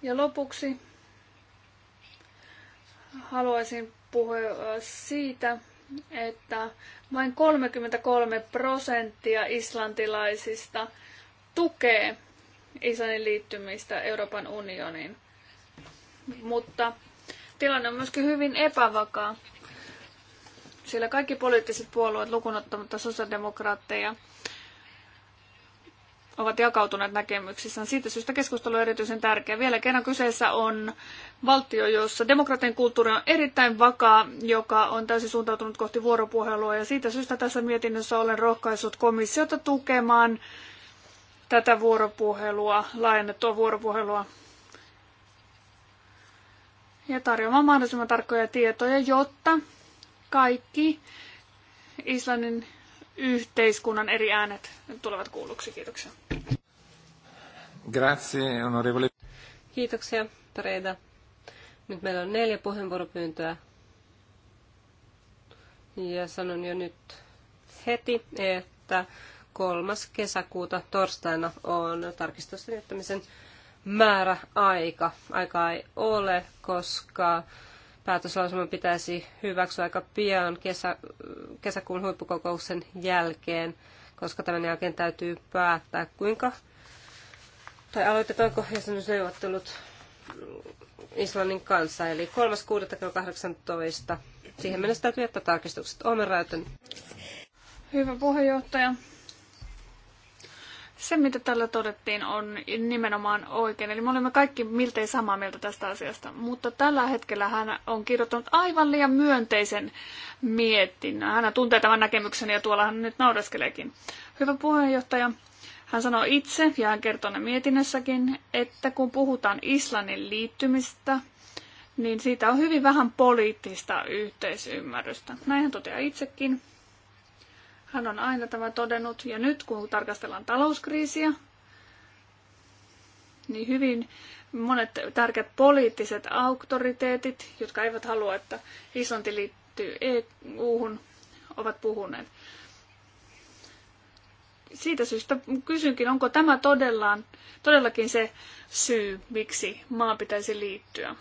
Ja lopuksi haluaisin puhua siitä, että vain 33 prosenttia islantilaisista tukee Islannin liittymistä Euroopan unioniin. Mutta Tilanne on myöskin hyvin epävakaa, sillä kaikki poliittiset puolueet, lukunottamatta sosiaalidemokraatteja, ovat jakautuneet näkemyksissään. Siitä syystä keskustelu on erityisen tärkeä. Vielä kerran kyseessä on valtio, jossa demokratian kulttuuri on erittäin vakaa, joka on täysin suuntautunut kohti vuoropuhelua. Ja siitä syystä tässä mietinnössä olen rohkaissut komissiota tukemaan tätä vuoropuhelua, laajennettua vuoropuhelua ja tarjoamaan mahdollisimman tarkkoja tietoja, jotta kaikki Islannin yhteiskunnan eri äänet tulevat kuulluksi. Kiitoksia. Grazie, onorevoli. Kiitoksia, Preda. Nyt meillä on neljä puheenvuoropyyntöä. Ja sanon jo nyt heti, että kolmas kesäkuuta torstaina on tarkistusten jättämisen määrä aika. Aika ei ole, koska päätöslausuma pitäisi hyväksyä aika pian kesä, kesäkuun huippukokouksen jälkeen, koska tämän jälkeen täytyy päättää, kuinka tai aloitetaanko jäsenyysneuvottelut Islannin kanssa, eli 3.6.18. Siihen mennessä täytyy jättää tarkistukset. Omen Hyvä puheenjohtaja. Se, mitä tällä todettiin, on nimenomaan oikein. Eli me olemme kaikki miltei samaa mieltä tästä asiasta. Mutta tällä hetkellä hän on kirjoittanut aivan liian myönteisen mietinnön. Hän tuntee tämän näkemyksen ja tuolla hän nyt naureskeleekin. Hyvä puheenjohtaja, hän sanoi itse, ja hän kertoo ne mietinnössäkin, että kun puhutaan Islannin liittymistä, niin siitä on hyvin vähän poliittista yhteisymmärrystä. Näin hän toteaa itsekin. Hän on aina tämä todennut. Ja nyt kun tarkastellaan talouskriisiä, niin hyvin monet tärkeät poliittiset auktoriteetit, jotka eivät halua, että Islanti liittyy EU-hun, ovat puhuneet. Siitä syystä kysynkin, onko tämä todellaan, todellakin se syy, miksi maa pitäisi liittyä.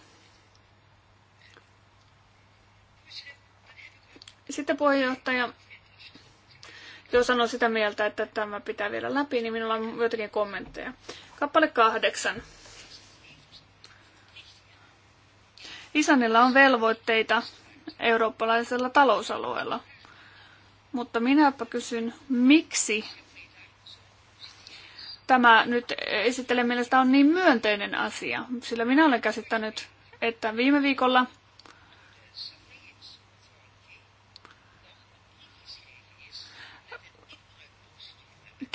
Sitten puheenjohtaja, jos sanon sitä mieltä, että tämä pitää vielä läpi, niin minulla on joitakin kommentteja. Kappale kahdeksan. Isännillä on velvoitteita eurooppalaisella talousalueella. Mutta minäpä kysyn, miksi tämä nyt esittelen mielestä on niin myönteinen asia, sillä minä olen käsittänyt, että viime viikolla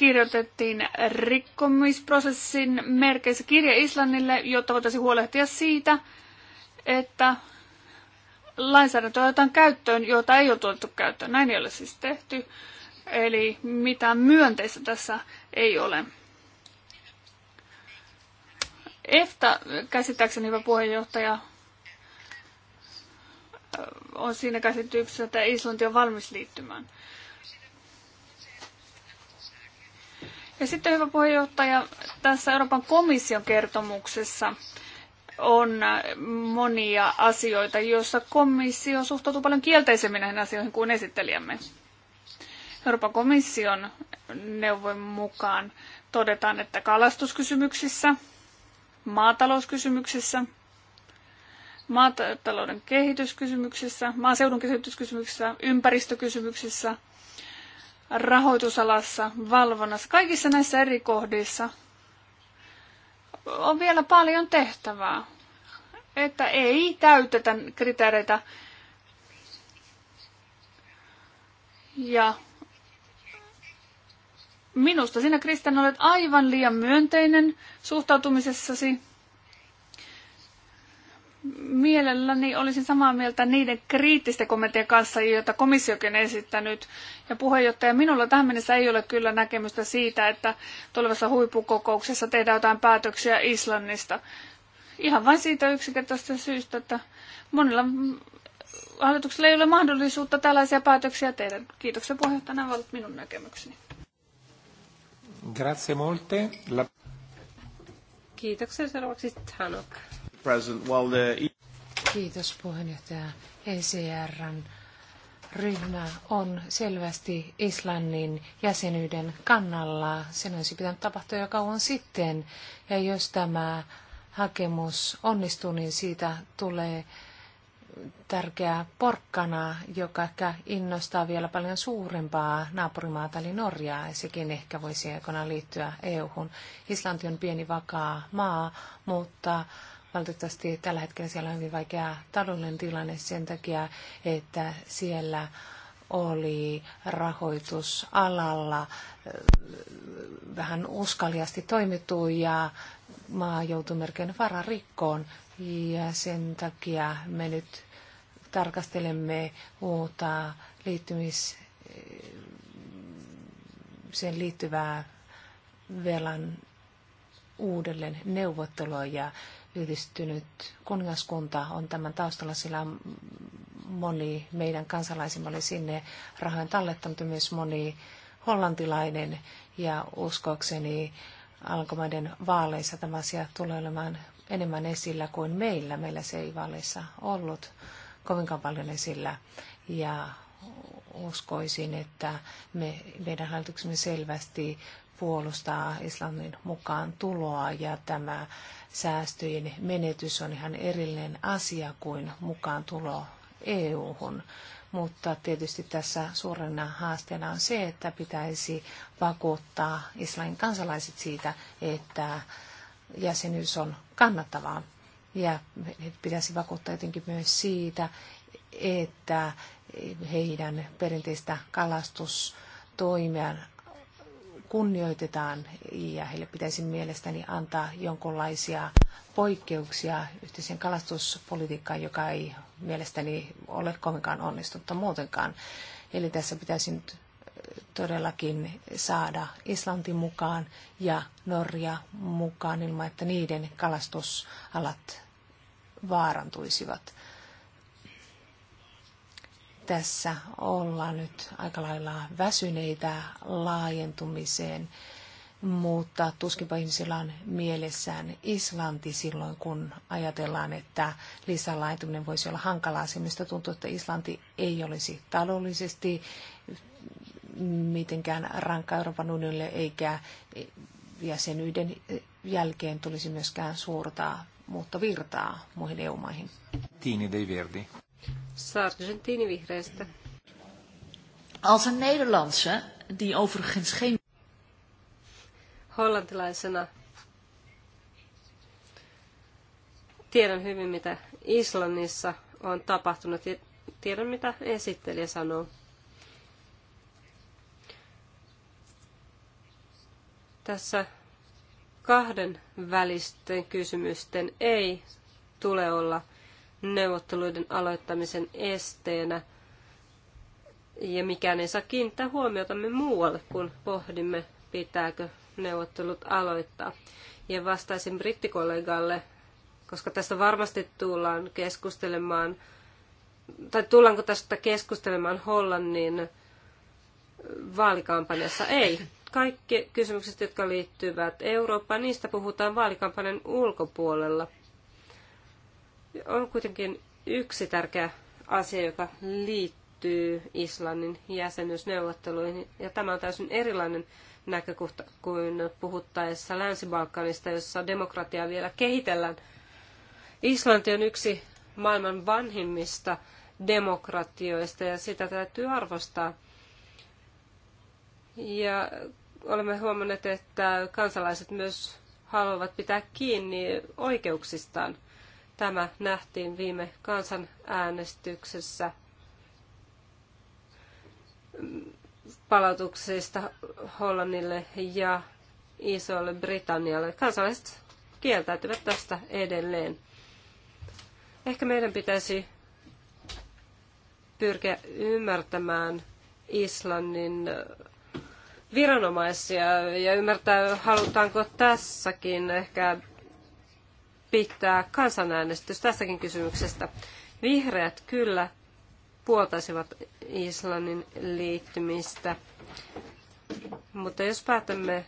kirjoitettiin rikkomisprosessin merkeissä kirje Islannille, jotta voitaisiin huolehtia siitä, että lainsäädäntö otetaan käyttöön, jota ei ole tuotettu käyttöön. Näin ei ole siis tehty. Eli mitään myönteistä tässä ei ole. EFTA, käsittääkseni hyvä puheenjohtaja, on siinä käsityksessä, että Islanti on valmis liittymään. Ja sitten hyvä puheenjohtaja, tässä Euroopan komission kertomuksessa on monia asioita, joissa komissio suhtautuu paljon kielteisemmin näihin asioihin kuin esittelijämme. Euroopan komission neuvon mukaan todetaan, että kalastuskysymyksissä, maatalouskysymyksissä, maatalouden kehityskysymyksissä, maaseudun kehityskysymyksissä, ympäristökysymyksissä – rahoitusalassa, valvonnassa, kaikissa näissä eri kohdissa on vielä paljon tehtävää. Että ei täytetä kriteereitä. Ja minusta sinä, Kristian, olet aivan liian myönteinen suhtautumisessasi mielelläni olisin samaa mieltä niiden kriittisten kommenttien kanssa, joita komissiokin on esittänyt. Ja puheenjohtaja, minulla tähän mennessä ei ole kyllä näkemystä siitä, että tulevassa huippukokouksessa tehdään jotain päätöksiä Islannista. Ihan vain siitä yksinkertaisesta syystä, että monilla hallituksella ei ole mahdollisuutta tällaisia päätöksiä tehdä. Kiitoksia puheenjohtaja, nämä ovat minun näkemykseni. Grazie molte. La... Kiitoksia seuraavaksi Tanok. President. Well, the... E Kiitos puheenjohtaja. ECRn ryhmä on selvästi Islannin jäsenyyden kannalla. Sen olisi pitänyt tapahtua jo kauan sitten. Ja jos tämä hakemus onnistuu, niin siitä tulee tärkeä porkkana, joka ehkä innostaa vielä paljon suurempaa naapurimaata, eli Norjaa, ja sekin ehkä voisi aikoinaan liittyä EU-hun. Islanti on pieni vakaa maa, mutta Valitettavasti tällä hetkellä siellä on hyvin vaikea taloudellinen tilanne sen takia, että siellä oli rahoitusalalla vähän uskaliasti toimittu ja maa joutui melkein vararikkoon ja sen takia me nyt tarkastelemme uutta liittymis, sen liittyvää velan uudelleen neuvottelua ja yhdistynyt kuningaskunta on tämän taustalla, sillä moni meidän kansalaisimme oli sinne rahojen tallettanut myös moni hollantilainen ja uskoakseni alkomaiden vaaleissa tämä asia tulee olemaan enemmän esillä kuin meillä. Meillä se ei vaaleissa ollut kovinkaan paljon esillä ja uskoisin, että me, meidän hallituksemme selvästi puolustaa islamin mukaan tuloa ja tämä säästöjen menetys on ihan erillinen asia kuin mukaan tulo EU-hun. Mutta tietysti tässä suurena haasteena on se, että pitäisi vakuuttaa Islannin kansalaiset siitä, että jäsenyys on kannattavaa. Ja pitäisi vakuuttaa jotenkin myös siitä, että heidän perinteistä kalastustoimiaan kunnioitetaan ja heille pitäisi mielestäni antaa jonkinlaisia poikkeuksia yhteiseen kalastuspolitiikkaan, joka ei mielestäni ole kovinkaan onnistunutta muutenkaan. Eli tässä pitäisi nyt eh, todellakin saada Islanti mukaan ja Norja mukaan ilman, että niiden kalastusalat vaarantuisivat tässä ollaan nyt aika lailla väsyneitä laajentumiseen, mutta tuskinpa ihmisillä on mielessään Islanti silloin, kun ajatellaan, että lisälaajentuminen voisi olla hankalaa. Se, mistä tuntuu, että Islanti ei olisi taloudellisesti mitenkään rankka Euroopan unionille, eikä jäsenyyden jälkeen tulisi myöskään suurta muuttovirtaa muihin EU-maihin. Tiini Dei Verdi. Sargentini vihreistä. Als een Nederlandse, die overigens geen... Hollantilaisena tiedän hyvin, mitä Islannissa on tapahtunut. Tiedän, mitä esittelijä sanoo. Tässä kahden välisten kysymysten ei tule olla neuvotteluiden aloittamisen esteenä ja mikään ei saa kiinnittää huomiotamme muualle, kun pohdimme, pitääkö neuvottelut aloittaa. Ja vastaisin brittikollegalle, koska tästä varmasti tullaan keskustelemaan, tai tullaanko tästä keskustelemaan Hollannin vaalikampanjassa? Ei. Kaikki kysymykset, jotka liittyvät Eurooppaan, niistä puhutaan vaalikampanjan ulkopuolella – on kuitenkin yksi tärkeä asia, joka liittyy Islannin jäsenyysneuvotteluihin, ja tämä on täysin erilainen näkökohta kuin puhuttaessa Länsi-Balkanista, jossa demokratiaa vielä kehitellään. Islanti on yksi maailman vanhimmista demokratioista ja sitä täytyy arvostaa. Ja olemme huomanneet, että kansalaiset myös haluavat pitää kiinni oikeuksistaan – Tämä nähtiin viime kansanäänestyksessä palautuksista Hollannille ja Isolle Britannialle. Kansalaiset kieltäytyvät tästä edelleen. Ehkä meidän pitäisi pyrkiä ymmärtämään Islannin viranomaisia ja ymmärtää, halutaanko tässäkin ehkä pitää kansanäänestys tässäkin kysymyksestä. Vihreät kyllä puoltaisivat Islannin liittymistä, mutta jos päätämme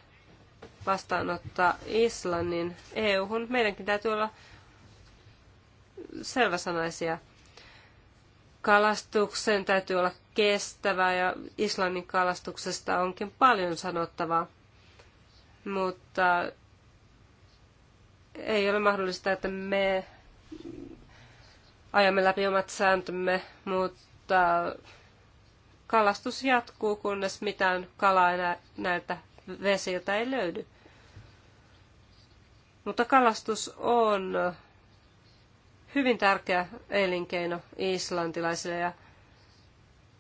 vastaanottaa Islannin EU-hun, meidänkin täytyy olla selväsanaisia. Kalastuksen täytyy olla kestävää ja Islannin kalastuksesta onkin paljon sanottavaa, mutta ei ole mahdollista, että me ajamme läpi omat sääntömme, mutta kalastus jatkuu, kunnes mitään kalaa enää näiltä vesiltä ei löydy. Mutta kalastus on hyvin tärkeä elinkeino islantilaisille ja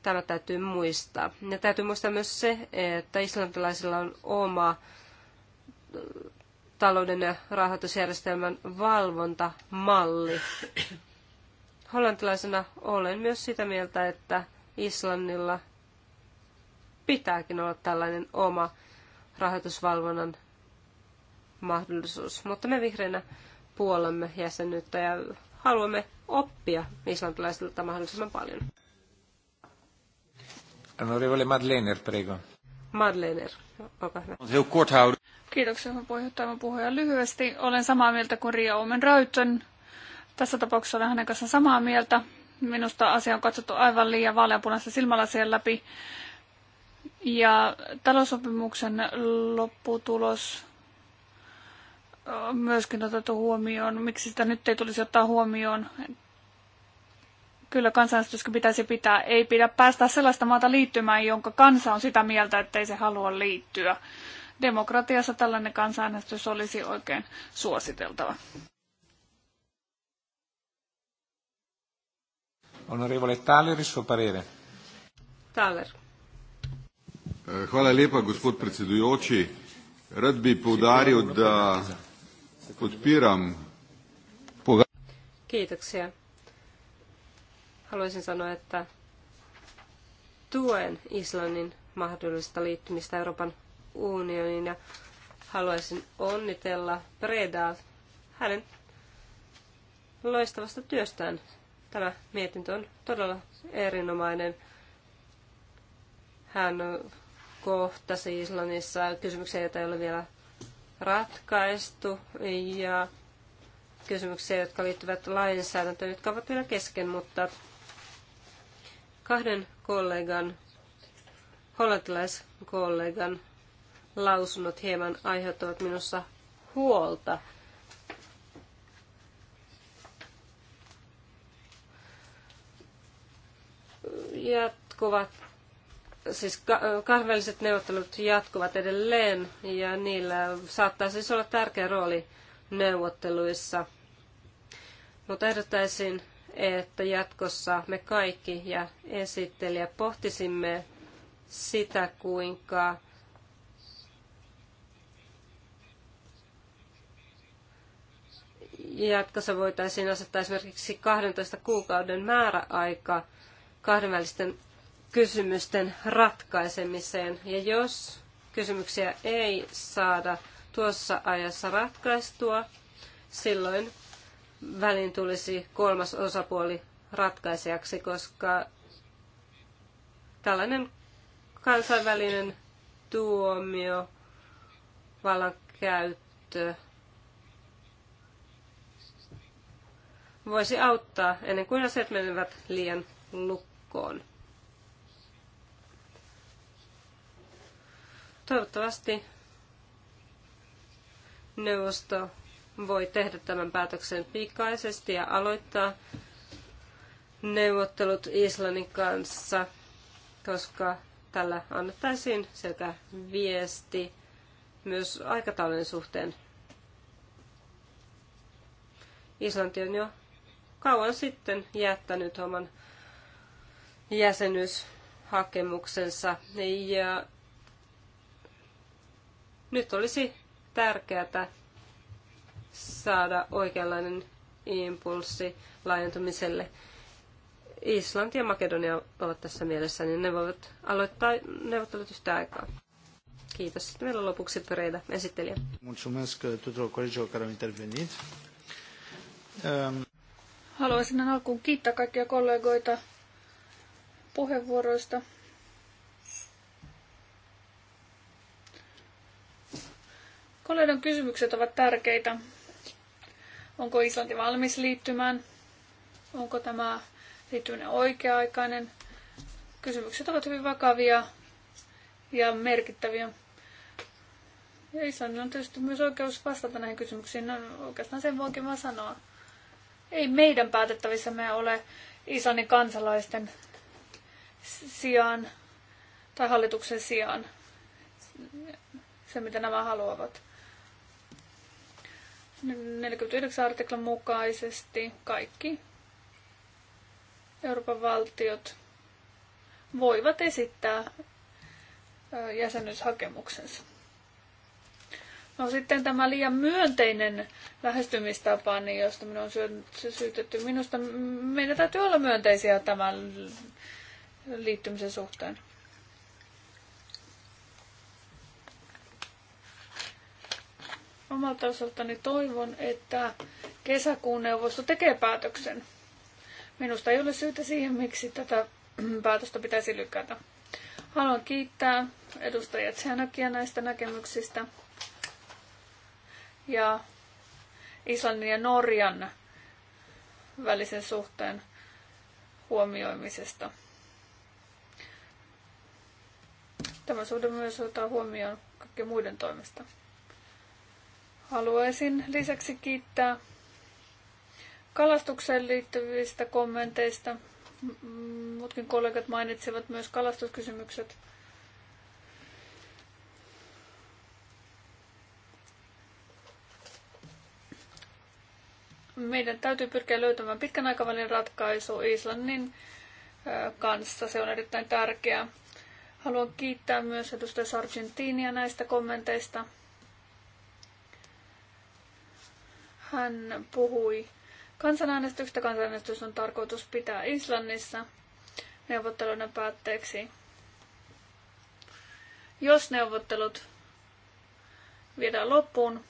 tämä täytyy muistaa. Ja täytyy muistaa myös se, että islantilaisilla on oma talouden ja rahoitusjärjestelmän valvontamalli. Hollantilaisena olen myös sitä mieltä, että Islannilla pitääkin olla tällainen oma rahoitusvalvonnan mahdollisuus. Mutta me vihreinä puolemme jäsenyyttä ja haluamme oppia islantilaisilta mahdollisimman paljon. Onorevole Madlener, prego. Madlener, olkaa hyvä. Heu kort Kiitoksia, hyvä puheenjohtaja. Mä puhuja lyhyesti. Olen samaa mieltä kuin Ria Omen Räytön. Tässä tapauksessa olen hänen kanssaan samaa mieltä. Minusta asia on katsottu aivan liian silmällä siellä läpi. Ja talousopimuksen lopputulos on myöskin otettu huomioon. Miksi sitä nyt ei tulisi ottaa huomioon Kyllä kansanäänestys pitäisi pitää. Ei pidä päästä sellaista maata liittymään, jonka kansa on sitä mieltä, ettei se halua liittyä. Demokratiassa tällainen kansanäänestys olisi oikein suositeltava. Onorevole Thaler, suo Thaler. Eh, hvala lepa, gospod predsedujoči. Rad bi poudaril, da podpiram Kiitoksia haluaisin sanoa, että tuen Islannin mahdollista liittymistä Euroopan unioniin ja haluaisin onnitella Predaa hänen loistavasta työstään. Tämä mietintö on todella erinomainen. Hän kohtasi Islannissa kysymyksiä, joita ei ole vielä ratkaistu ja kysymyksiä, jotka liittyvät lainsäädäntöön, jotka ovat vielä kesken, mutta kahden kollegan, hollantilaiskollegan lausunnot hieman aiheuttavat minussa huolta. Jatkuvat, siis kahveliset neuvottelut jatkuvat edelleen ja niillä saattaa siis olla tärkeä rooli neuvotteluissa. Mutta ehdottaisin, että jatkossa me kaikki ja esittelijä pohtisimme sitä, kuinka jatkossa voitaisiin asettaa esimerkiksi 12 kuukauden määräaika kahdenvälisten kysymysten ratkaisemiseen. Ja jos kysymyksiä ei saada tuossa ajassa ratkaistua, silloin väliin tulisi kolmas osapuoli ratkaisijaksi, koska tällainen kansainvälinen tuomio, vallankäyttö voisi auttaa ennen kuin asiat menevät liian lukkoon. Toivottavasti neuvosto voi tehdä tämän päätöksen pikaisesti ja aloittaa neuvottelut Islannin kanssa, koska tällä annettaisiin sekä viesti myös aikataulun suhteen. Islanti on jo kauan sitten jättänyt oman jäsenyyshakemuksensa ja nyt olisi tärkeää saada oikeanlainen impulssi laajentumiselle. Islanti ja Makedonia ovat tässä mielessä, niin ne voivat aloittaa neuvottelut yhtä aikaa. Kiitos. Sitten meillä on lopuksi pöreitä esittelijä. Ehm, Haluaisin alkuun kiittää kaikkia kollegoita puheenvuoroista. Kollegan kysymykset ovat tärkeitä. Onko Islanti valmis liittymään? Onko tämä liittyminen oikea-aikainen? Kysymykset ovat hyvin vakavia ja merkittäviä. Ja Islannilla on tietysti myös oikeus vastata näihin kysymyksiin. No, oikeastaan sen voinkin vaan sanoa. Ei meidän päätettävissä me ole Islannin kansalaisten sijaan tai hallituksen sijaan se, mitä nämä haluavat. 49 artiklan mukaisesti kaikki Euroopan valtiot voivat esittää jäsenyyshakemuksensa. No sitten tämä liian myönteinen lähestymistapa, niin josta minun on syytetty. Minusta meidän täytyy olla myönteisiä tämän liittymisen suhteen. omalta osaltani toivon, että kesäkuun neuvosto tekee päätöksen. Minusta ei ole syytä siihen, miksi tätä päätöstä pitäisi lykätä. Haluan kiittää edustajia Tsehanakia näistä näkemyksistä ja Islannin ja Norjan välisen suhteen huomioimisesta. Tämä suhde myös ottaa huomioon kaikkien muiden toimesta. Haluaisin lisäksi kiittää kalastukseen liittyvistä kommenteista. mutkin kollegat mainitsivat myös kalastuskysymykset. Meidän täytyy pyrkiä löytämään pitkän aikavälin ratkaisu Islannin kanssa. Se on erittäin tärkeää. Haluan kiittää myös edustaja Sargentinia näistä kommenteista. Hän puhui kansanäänestyksestä. Kansanäänestys on tarkoitus pitää Islannissa neuvotteluiden päätteeksi. Jos neuvottelut viedään loppuun,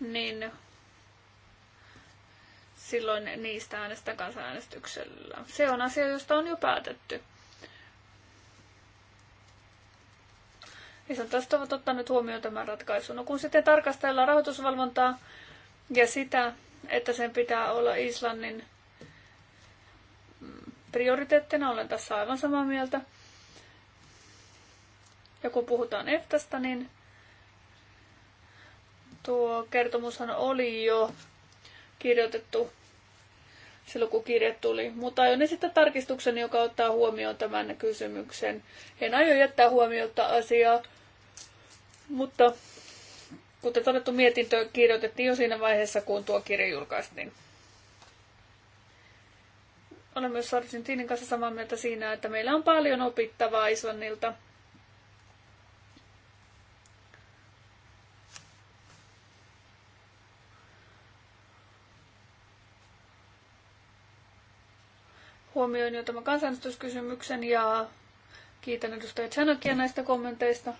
niin silloin niistä äänestä kansanäänestyksellä. Se on asia, josta on jo päätetty. että ovat ottaneet huomioon tämän ratkaisun. No kun sitten tarkastellaan rahoitusvalvontaa ja sitä, että sen pitää olla Islannin mm, prioriteettina, olen tässä aivan samaa mieltä. Ja kun puhutaan EFTAsta, niin tuo kertomushan oli jo kirjoitettu silloin, kun kirje tuli. Mutta aion esittää tarkistuksen, joka ottaa huomioon tämän kysymyksen. En aio jättää huomiota asiaa, mutta kuten todettu, mietintö kirjoitettiin jo siinä vaiheessa, kun tuo kirja julkaistiin. Olen myös tiinin kanssa samaa mieltä siinä, että meillä on paljon opittavaa Islannilta – huomioin jo tämän kansanedustuskysymyksen ja kiitän edustaja Tsanokia mm. näistä kommenteista.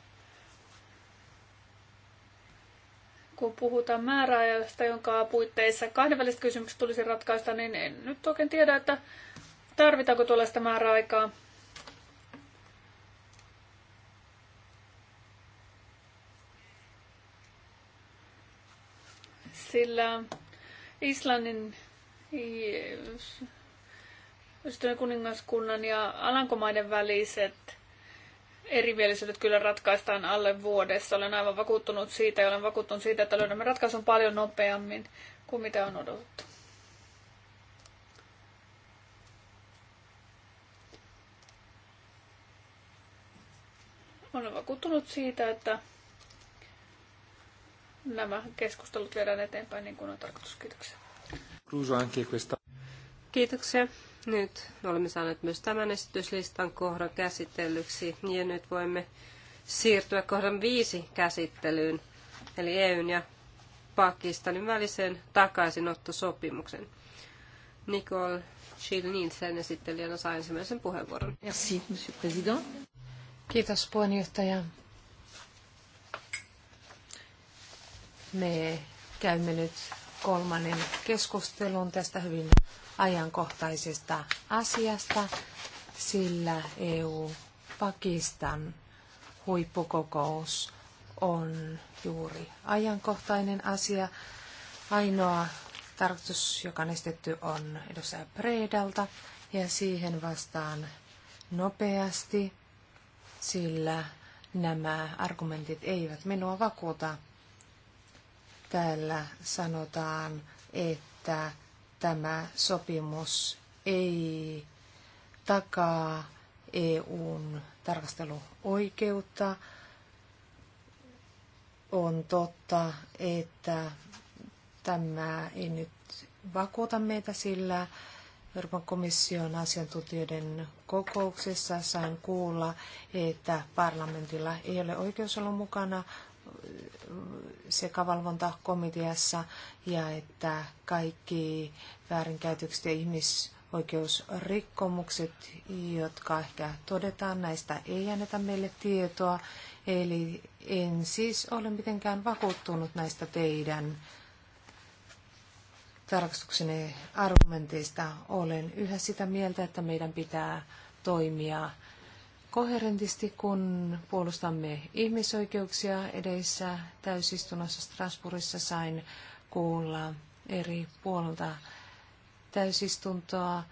Kun puhutaan määräajasta, jonka puitteissa kahdenväliset kysymykset tulisi ratkaista, niin en nyt oikein tiedä, että tarvitaanko tuollaista määräaikaa. Sillä Islannin Yhdistyneen kuningaskunnan ja Alankomaiden väliset erimielisyydet kyllä ratkaistaan alle vuodessa. Olen aivan vakuuttunut siitä ja olen vakuuttunut siitä, että löydämme ratkaisun paljon nopeammin kuin mitä on odotettu. Olen vakuuttunut siitä, että nämä keskustelut viedään eteenpäin niin kuin on tarkoitus. Kiitoksia. Kiitoksia. Nyt olemme saaneet myös tämän esityslistan kohdan käsitellyksi ja nyt voimme siirtyä kohdan viisi käsittelyyn, eli EUn ja Pakistanin välisen takaisinottosopimuksen. Nicole Chilnilsen esittelijänä saa ensimmäisen puheenvuoron. Merci, monsieur président. Kiitos puheenjohtaja. Me käymme nyt kolmannen keskustelun tästä hyvin ajankohtaisesta asiasta, sillä EU-Pakistan huippukokous on juuri ajankohtainen asia. Ainoa tarkoitus, joka on estetty, on edustaja Predalta, ja siihen vastaan nopeasti, sillä nämä argumentit eivät minua vakuuta. Täällä sanotaan, että tämä sopimus ei takaa EUn tarkasteluoikeutta. On totta, että tämä ei nyt vakuuta meitä, sillä Euroopan komission asiantuntijoiden kokouksessa sain kuulla, että parlamentilla ei ole oikeus olla mukana, sekavalvontakomiteassa ja että kaikki väärinkäytökset ja ihmisoikeusrikkomukset, jotka ehkä todetaan, näistä ei anneta meille tietoa. Eli en siis ole mitenkään vakuuttunut näistä teidän tarkastuksenne argumenteista. Olen yhä sitä mieltä, että meidän pitää toimia koherentisti, kun puolustamme ihmisoikeuksia edessä täysistunnossa Strasbourgissa sain kuulla eri puolilta täysistuntoa,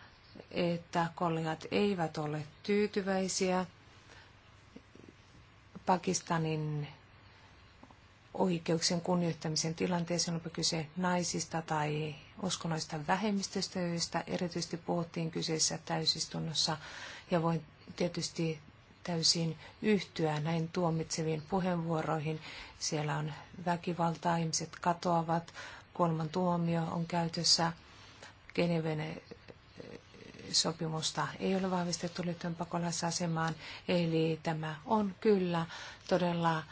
että kollegat eivät ole tyytyväisiä Pakistanin oikeuksien kunnioittamisen tilanteeseen, onpa kyse naisista tai uskonnoista vähemmistöistä, joista erityisesti puhuttiin kyseisessä täysistunnossa. Ja voin tietysti täysin yhtyä näin tuomitseviin puheenvuoroihin. Siellä on väkivaltaa, ihmiset katoavat, kolman tuomio on käytössä, Geneven eh, sopimusta ei ole vahvistettu liittyen pakolaisasemaan, eli tämä on kyllä todella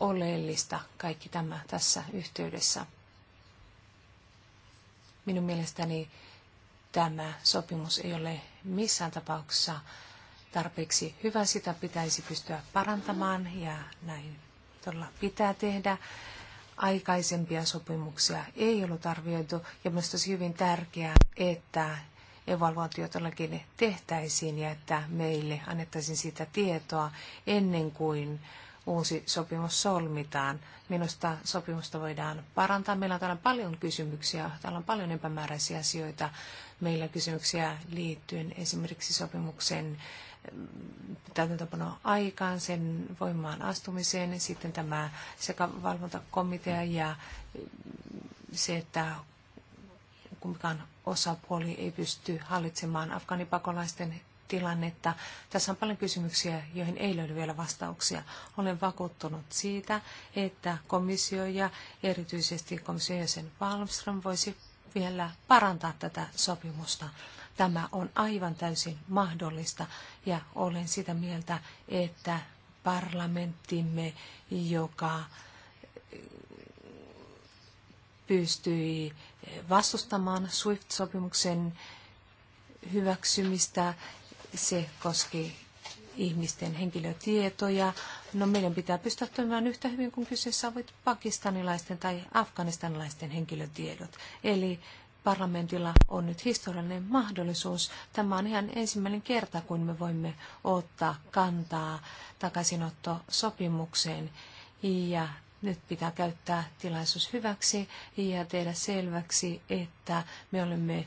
oleellista kaikki tämä tässä yhteydessä. Minun mielestäni tämä sopimus ei ole missään tapauksessa tarpeeksi hyvä, sitä pitäisi pystyä parantamaan ja näin todella pitää tehdä. Aikaisempia sopimuksia ei ollut arvioitu ja minusta olisi hyvin tärkeää, että evaluaatio todellakin tehtäisiin ja että meille annettaisiin sitä tietoa ennen kuin uusi sopimus solmitaan. Minusta sopimusta voidaan parantaa. Meillä on täällä paljon kysymyksiä, täällä on paljon epämääräisiä asioita. Meillä kysymyksiä liittyen esimerkiksi sopimuksen täytäntöpano aikaan, sen voimaan astumiseen, sitten tämä sekä valvontakomitea ja se, että kumpikaan osapuoli ei pysty hallitsemaan afganipakolaisten tilannetta. Tässä on paljon kysymyksiä, joihin ei löydy vielä vastauksia. Olen vakuuttunut siitä, että komissio ja erityisesti komission jäsen Palmström voisi vielä parantaa tätä sopimusta. Tämä on aivan täysin mahdollista ja olen sitä mieltä, että parlamenttimme, joka pystyi vastustamaan SWIFT-sopimuksen hyväksymistä. Se koski ihmisten henkilötietoja. No meidän pitää pystyä toimimaan yhtä hyvin kuin kyseessä ovat pakistanilaisten tai afganistanilaisten henkilötiedot. Eli parlamentilla on nyt historiallinen mahdollisuus. Tämä on ihan ensimmäinen kerta, kun me voimme ottaa kantaa takaisinottosopimukseen. Ja nyt pitää käyttää tilaisuus hyväksi ja tehdä selväksi, että me olemme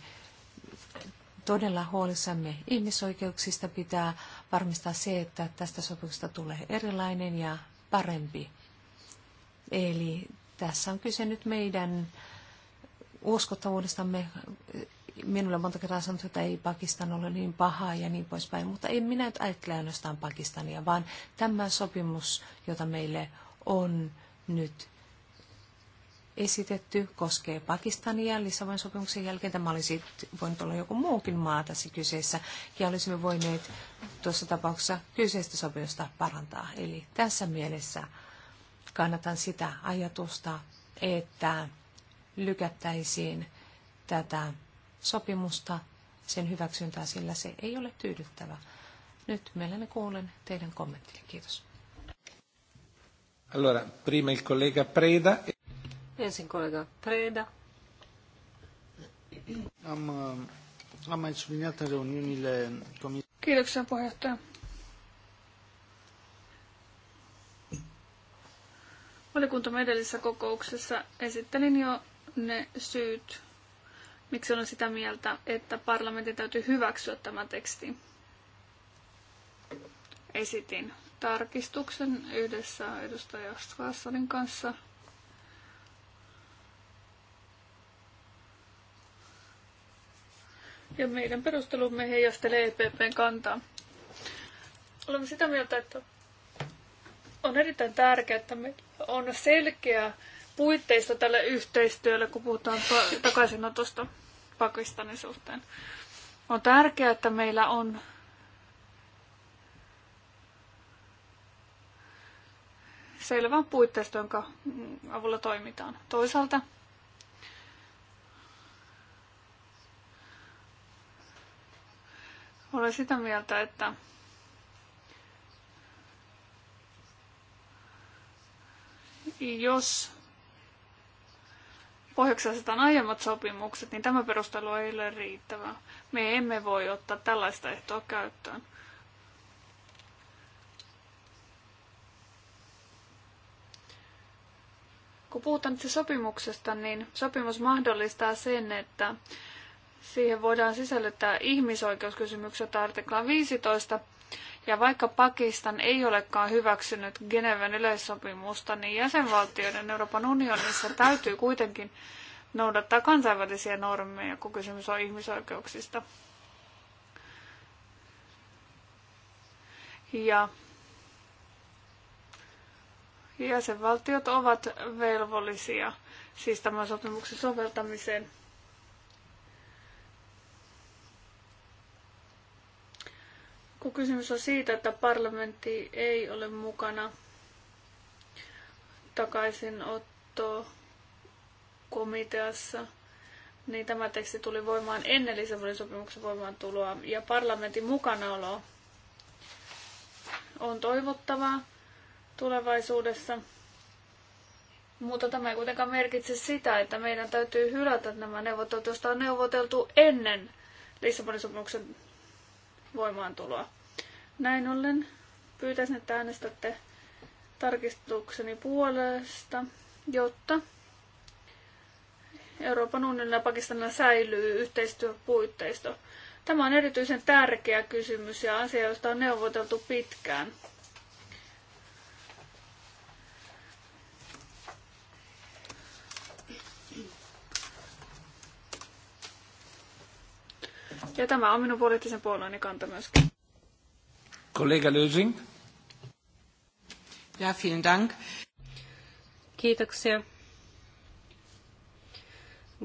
todella huolissamme ihmisoikeuksista. Pitää varmistaa se, että tästä sopimuksesta tulee erilainen ja parempi. Eli tässä on kyse nyt meidän uskottavuudestamme. Minulle monta kertaa sanottu, että ei Pakistan ole niin paha ja niin poispäin, mutta ei minä nyt ajattele ainoastaan Pakistania, vaan tämä sopimus, jota meille on nyt esitetty, koskee Pakistania. Lissabonin sopimuksen jälkeen tämä olisi voinut olla joku muukin maa tässä kyseessä, ja olisimme voineet tuossa tapauksessa kyseistä sopimusta parantaa. Eli tässä mielessä kannatan sitä ajatusta, että lykättäisiin tätä sopimusta, sen hyväksyntää, sillä se ei ole tyydyttävä. Nyt mielelläni kuulen teidän kommenttinne. Kiitos. Allora, prima il collega Preda. E- Ensin collega Preda. Kiitoksia puheenjohtaja. Valikuntamme edellisessä kokouksessa esittelin jo ne syyt, miksi olen sitä mieltä, että parlamentin täytyy hyväksyä tämä teksti. Esitin tarkistuksen yhdessä edustaja Strassalin kanssa. Ja meidän perustelumme heijastelee EPPn kantaa. Olemme sitä mieltä, että on erittäin tärkeää, että meillä on selkeä puitteista tälle yhteistyölle, kun puhutaan takaisinotosta Pakistanin suhteen. On tärkeää, että meillä on selvä puitteisto, jonka avulla toimitaan. Toisaalta olen sitä mieltä, että jos pohjaksetaan aiemmat sopimukset, niin tämä perustelu ei ole riittävä. Me emme voi ottaa tällaista ehtoa käyttöön. Kun puhutaan itse sopimuksesta, niin sopimus mahdollistaa sen, että siihen voidaan sisällyttää ihmisoikeuskysymykset artiklaan 15, ja vaikka Pakistan ei olekaan hyväksynyt Geneven yleissopimusta, niin jäsenvaltioiden Euroopan unionissa täytyy kuitenkin noudattaa kansainvälisiä normeja, kun kysymys on ihmisoikeuksista. Ja jäsenvaltiot ovat velvollisia siis tämän sopimuksen soveltamiseen – kun kysymys on siitä, että parlamentti ei ole mukana takaisinotto komiteassa, niin tämä teksti tuli voimaan ennen Lissabonin sopimuksen voimaantuloa ja parlamentin mukanaolo on toivottavaa tulevaisuudessa. Mutta tämä ei kuitenkaan merkitse sitä, että meidän täytyy hylätä nämä neuvottelut, joista on neuvoteltu ennen Lissabonin sopimuksen voimaantuloa. Näin ollen pyytäisin, että äänestätte tarkistukseni puolesta, jotta Euroopan unionilla ja Pakistanilla säilyy yhteistyöpuitteisto. Tämä on erityisen tärkeä kysymys ja asia, josta on neuvoteltu pitkään. Ja tämä on minun poliittisen puolueeni kanta myöskin. Kollega Lösing. Ja, vielen dank. Kiitoksia.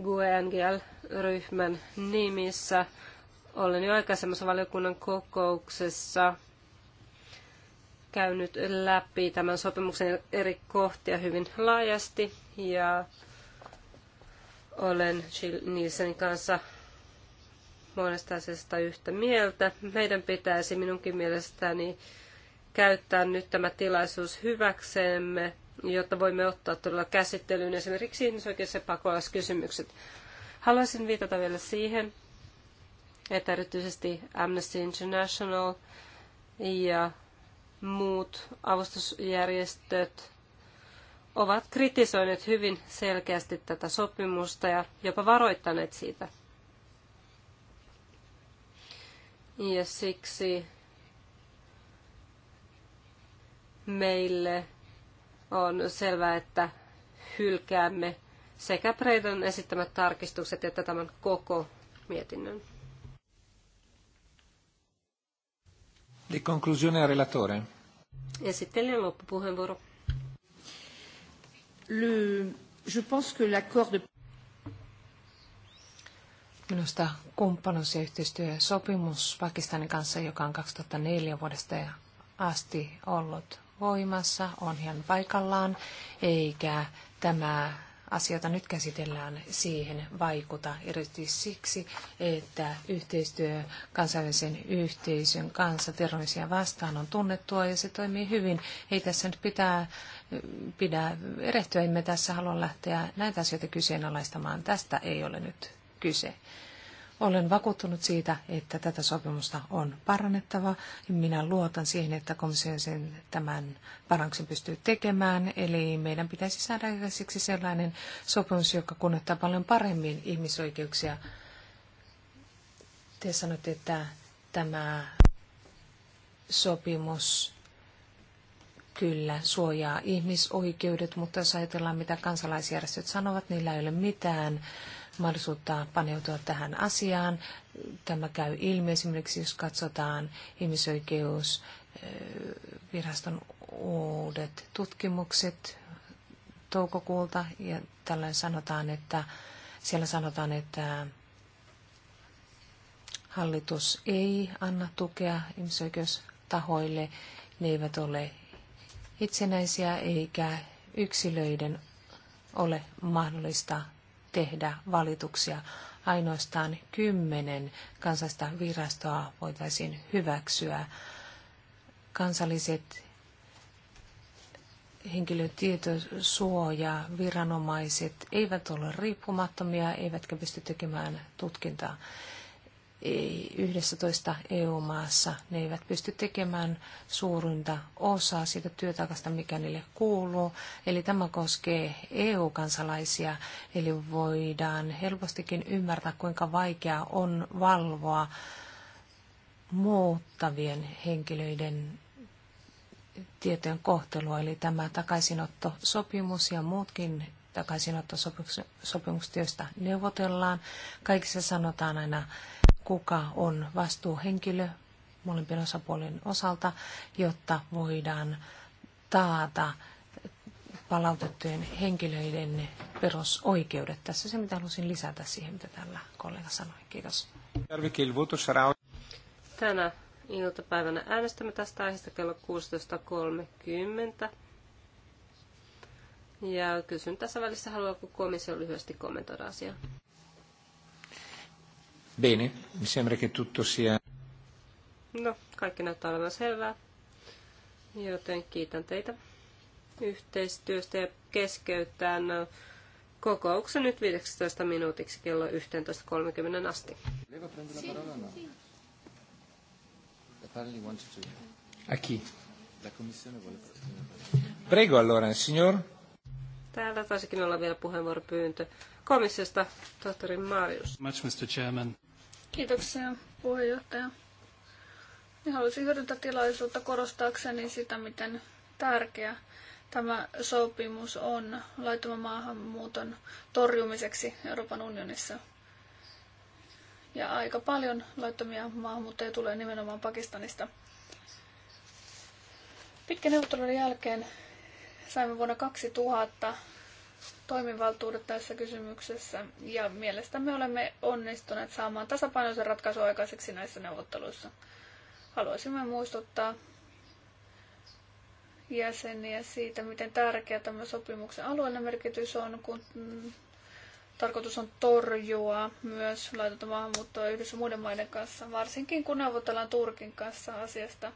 GUE-NGL-ryhmän nimissä olen jo aikaisemmassa valiokunnan kokouksessa käynyt läpi tämän sopimuksen eri kohtia hyvin laajasti ja olen Jill Nielsenin kanssa monesta asiasta yhtä mieltä. Meidän pitäisi minunkin mielestäni käyttää nyt tämä tilaisuus hyväksemme, jotta voimme ottaa todella käsittelyyn esimerkiksi ihmisoikeus- ja pakolaiskysymykset. Haluaisin viitata vielä siihen, että erityisesti Amnesty International ja muut avustusjärjestöt ovat kritisoineet hyvin selkeästi tätä sopimusta ja jopa varoittaneet siitä. Ja siksi meille on selvää, että hylkäämme sekä Preidon esittämät tarkistukset että tämän koko mietinnön. Di conclusione al relatore. Esittelijän loppupuheenvuoro. Le, je pense que l'accord de... Minusta kumppanuus- ja yhteistyösopimus Pakistanin kanssa, joka on 2004 vuodesta asti ollut voimassa, on ihan paikallaan, eikä tämä asioita nyt käsitellään siihen vaikuta erityisesti siksi, että yhteistyö kansainvälisen yhteisön kanssa terrorismia vastaan on tunnettua ja se toimii hyvin. Ei tässä nyt pitää, pidä erehtyä, emme tässä halua lähteä näitä asioita kyseenalaistamaan. Tästä ei ole nyt kyse. Olen vakuuttunut siitä, että tätä sopimusta on parannettava. Minä luotan siihen, että komissio sen tämän parannuksen pystyy tekemään. Eli meidän pitäisi saada aikaiseksi sellainen sopimus, joka kunnioittaa paljon paremmin ihmisoikeuksia. Te sanoitte, että tämä sopimus kyllä suojaa ihmisoikeudet, mutta jos ajatellaan, mitä kansalaisjärjestöt sanovat, niillä ei ole mitään mahdollisuutta paneutua tähän asiaan. Tämä käy ilmi esimerkiksi, jos katsotaan ihmisoikeusviraston eh, uudet tutkimukset toukokuulta, ja tällöin sanotaan, että siellä sanotaan, että hallitus ei anna tukea ihmisoikeustahoille, ne eivät ole itsenäisiä eikä yksilöiden ole mahdollista tehdä valituksia. Ainoastaan kymmenen kansallista virastoa voitaisiin hyväksyä. Kansalliset henkilötietosuoja, viranomaiset eivät ole riippumattomia, eivätkä pysty tekemään tutkintaa. 11 EU-maassa. Ne eivät pysty tekemään suurinta osaa siitä työtaakasta, mikä niille kuuluu. Eli tämä koskee EU-kansalaisia, eli voidaan helpostikin ymmärtää, kuinka vaikeaa on valvoa muuttavien henkilöiden tietojen kohtelua, eli tämä takaisinottosopimus ja muutkin takaisinottosopimukset, joista neuvotellaan. Kaikissa sanotaan aina kuka on vastuuhenkilö molempien osapuolien osalta, jotta voidaan taata palautettujen henkilöiden perusoikeudet. Tässä se, mitä halusin lisätä siihen, mitä tällä kollega sanoi. Kiitos. Tänä iltapäivänä äänestämme tästä aiheesta kello 16.30. Ja kysyn tässä välissä, haluaako komissio lyhyesti kommentoida asiaa? Bene, mi sembra che tutto sia... No, kaikki näyttää olevan selvää. Joten kiitän teitä yhteistyöstä ja keskeyttään kokouksen nyt 15 minuutiksi kello 11.30 asti. No? A chi? Prego allora, signor. Täällä taisikin olla vielä puheenvuoropyyntö komissiosta, tohtori Marius. Much, Mr. Chairman. Kiitoksia puheenjohtaja. Ja haluaisin hyödyntää tilaisuutta korostaakseni sitä, miten tärkeä tämä sopimus on laittoman maahanmuuton torjumiseksi Euroopan unionissa. Ja aika paljon laittomia maahanmuuttajia tulee nimenomaan Pakistanista. Pitkän neuvottelun jälkeen saimme vuonna 2000 toimivaltuudet tässä kysymyksessä ja mielestämme olemme onnistuneet saamaan tasapainoisen ratkaisun aikaiseksi näissä neuvotteluissa. Haluaisimme muistuttaa jäseniä siitä, miten tärkeä tämä sopimuksen alueellinen merkitys on, kun tarkoitus on torjua myös laitonta maahanmuuttoa yhdessä muiden maiden kanssa, varsinkin kun neuvotellaan Turkin kanssa asiasta.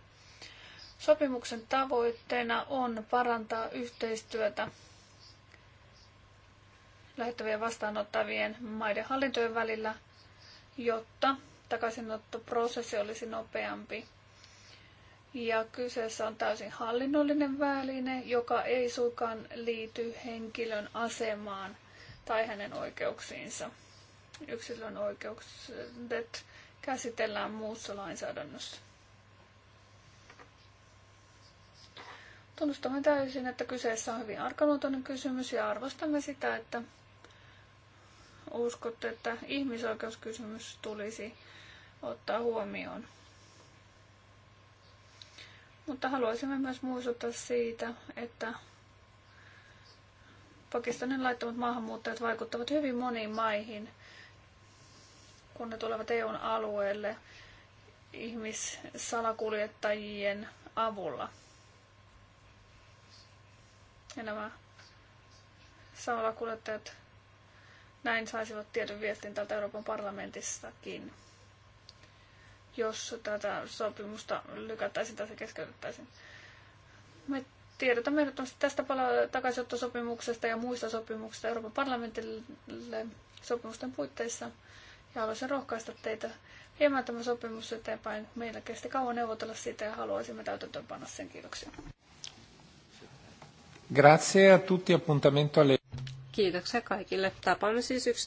Sopimuksen tavoitteena on parantaa yhteistyötä lähettävien vastaanottavien maiden hallintojen välillä, jotta takaisinottoprosessi olisi nopeampi. Ja kyseessä on täysin hallinnollinen väline, joka ei suinkaan liity henkilön asemaan tai hänen oikeuksiinsa. Yksilön oikeudet käsitellään muussa lainsäädännössä. Tunnustamme täysin, että kyseessä on hyvin arkaluontoinen kysymys ja arvostamme sitä, että uskotte, että ihmisoikeuskysymys tulisi ottaa huomioon? Mutta haluaisimme myös muistuttaa siitä, että Pakistanin laittomat maahanmuuttajat vaikuttavat hyvin moniin maihin, kun ne tulevat EUn alueelle ihmissalakuljettajien avulla. Ja nämä salakuljettajat näin saisivat tietyn viestin tältä Euroopan parlamentistakin, jos tätä sopimusta lykättäisiin tai se keskeytettäisiin. Me tiedotamme ehdottomasti tästä takaisinottosopimuksesta ja muista sopimuksista Euroopan parlamentille sopimusten puitteissa. Ja haluaisin rohkaista teitä viemään tämä sopimus eteenpäin. Meillä kesti kauan neuvotella sitä ja haluaisimme täytäntöönpanna sen. Kiitoksia. Grazie a tutti, appuntamento alle... Kiitoksia kaikille. Tapaamme siis 11.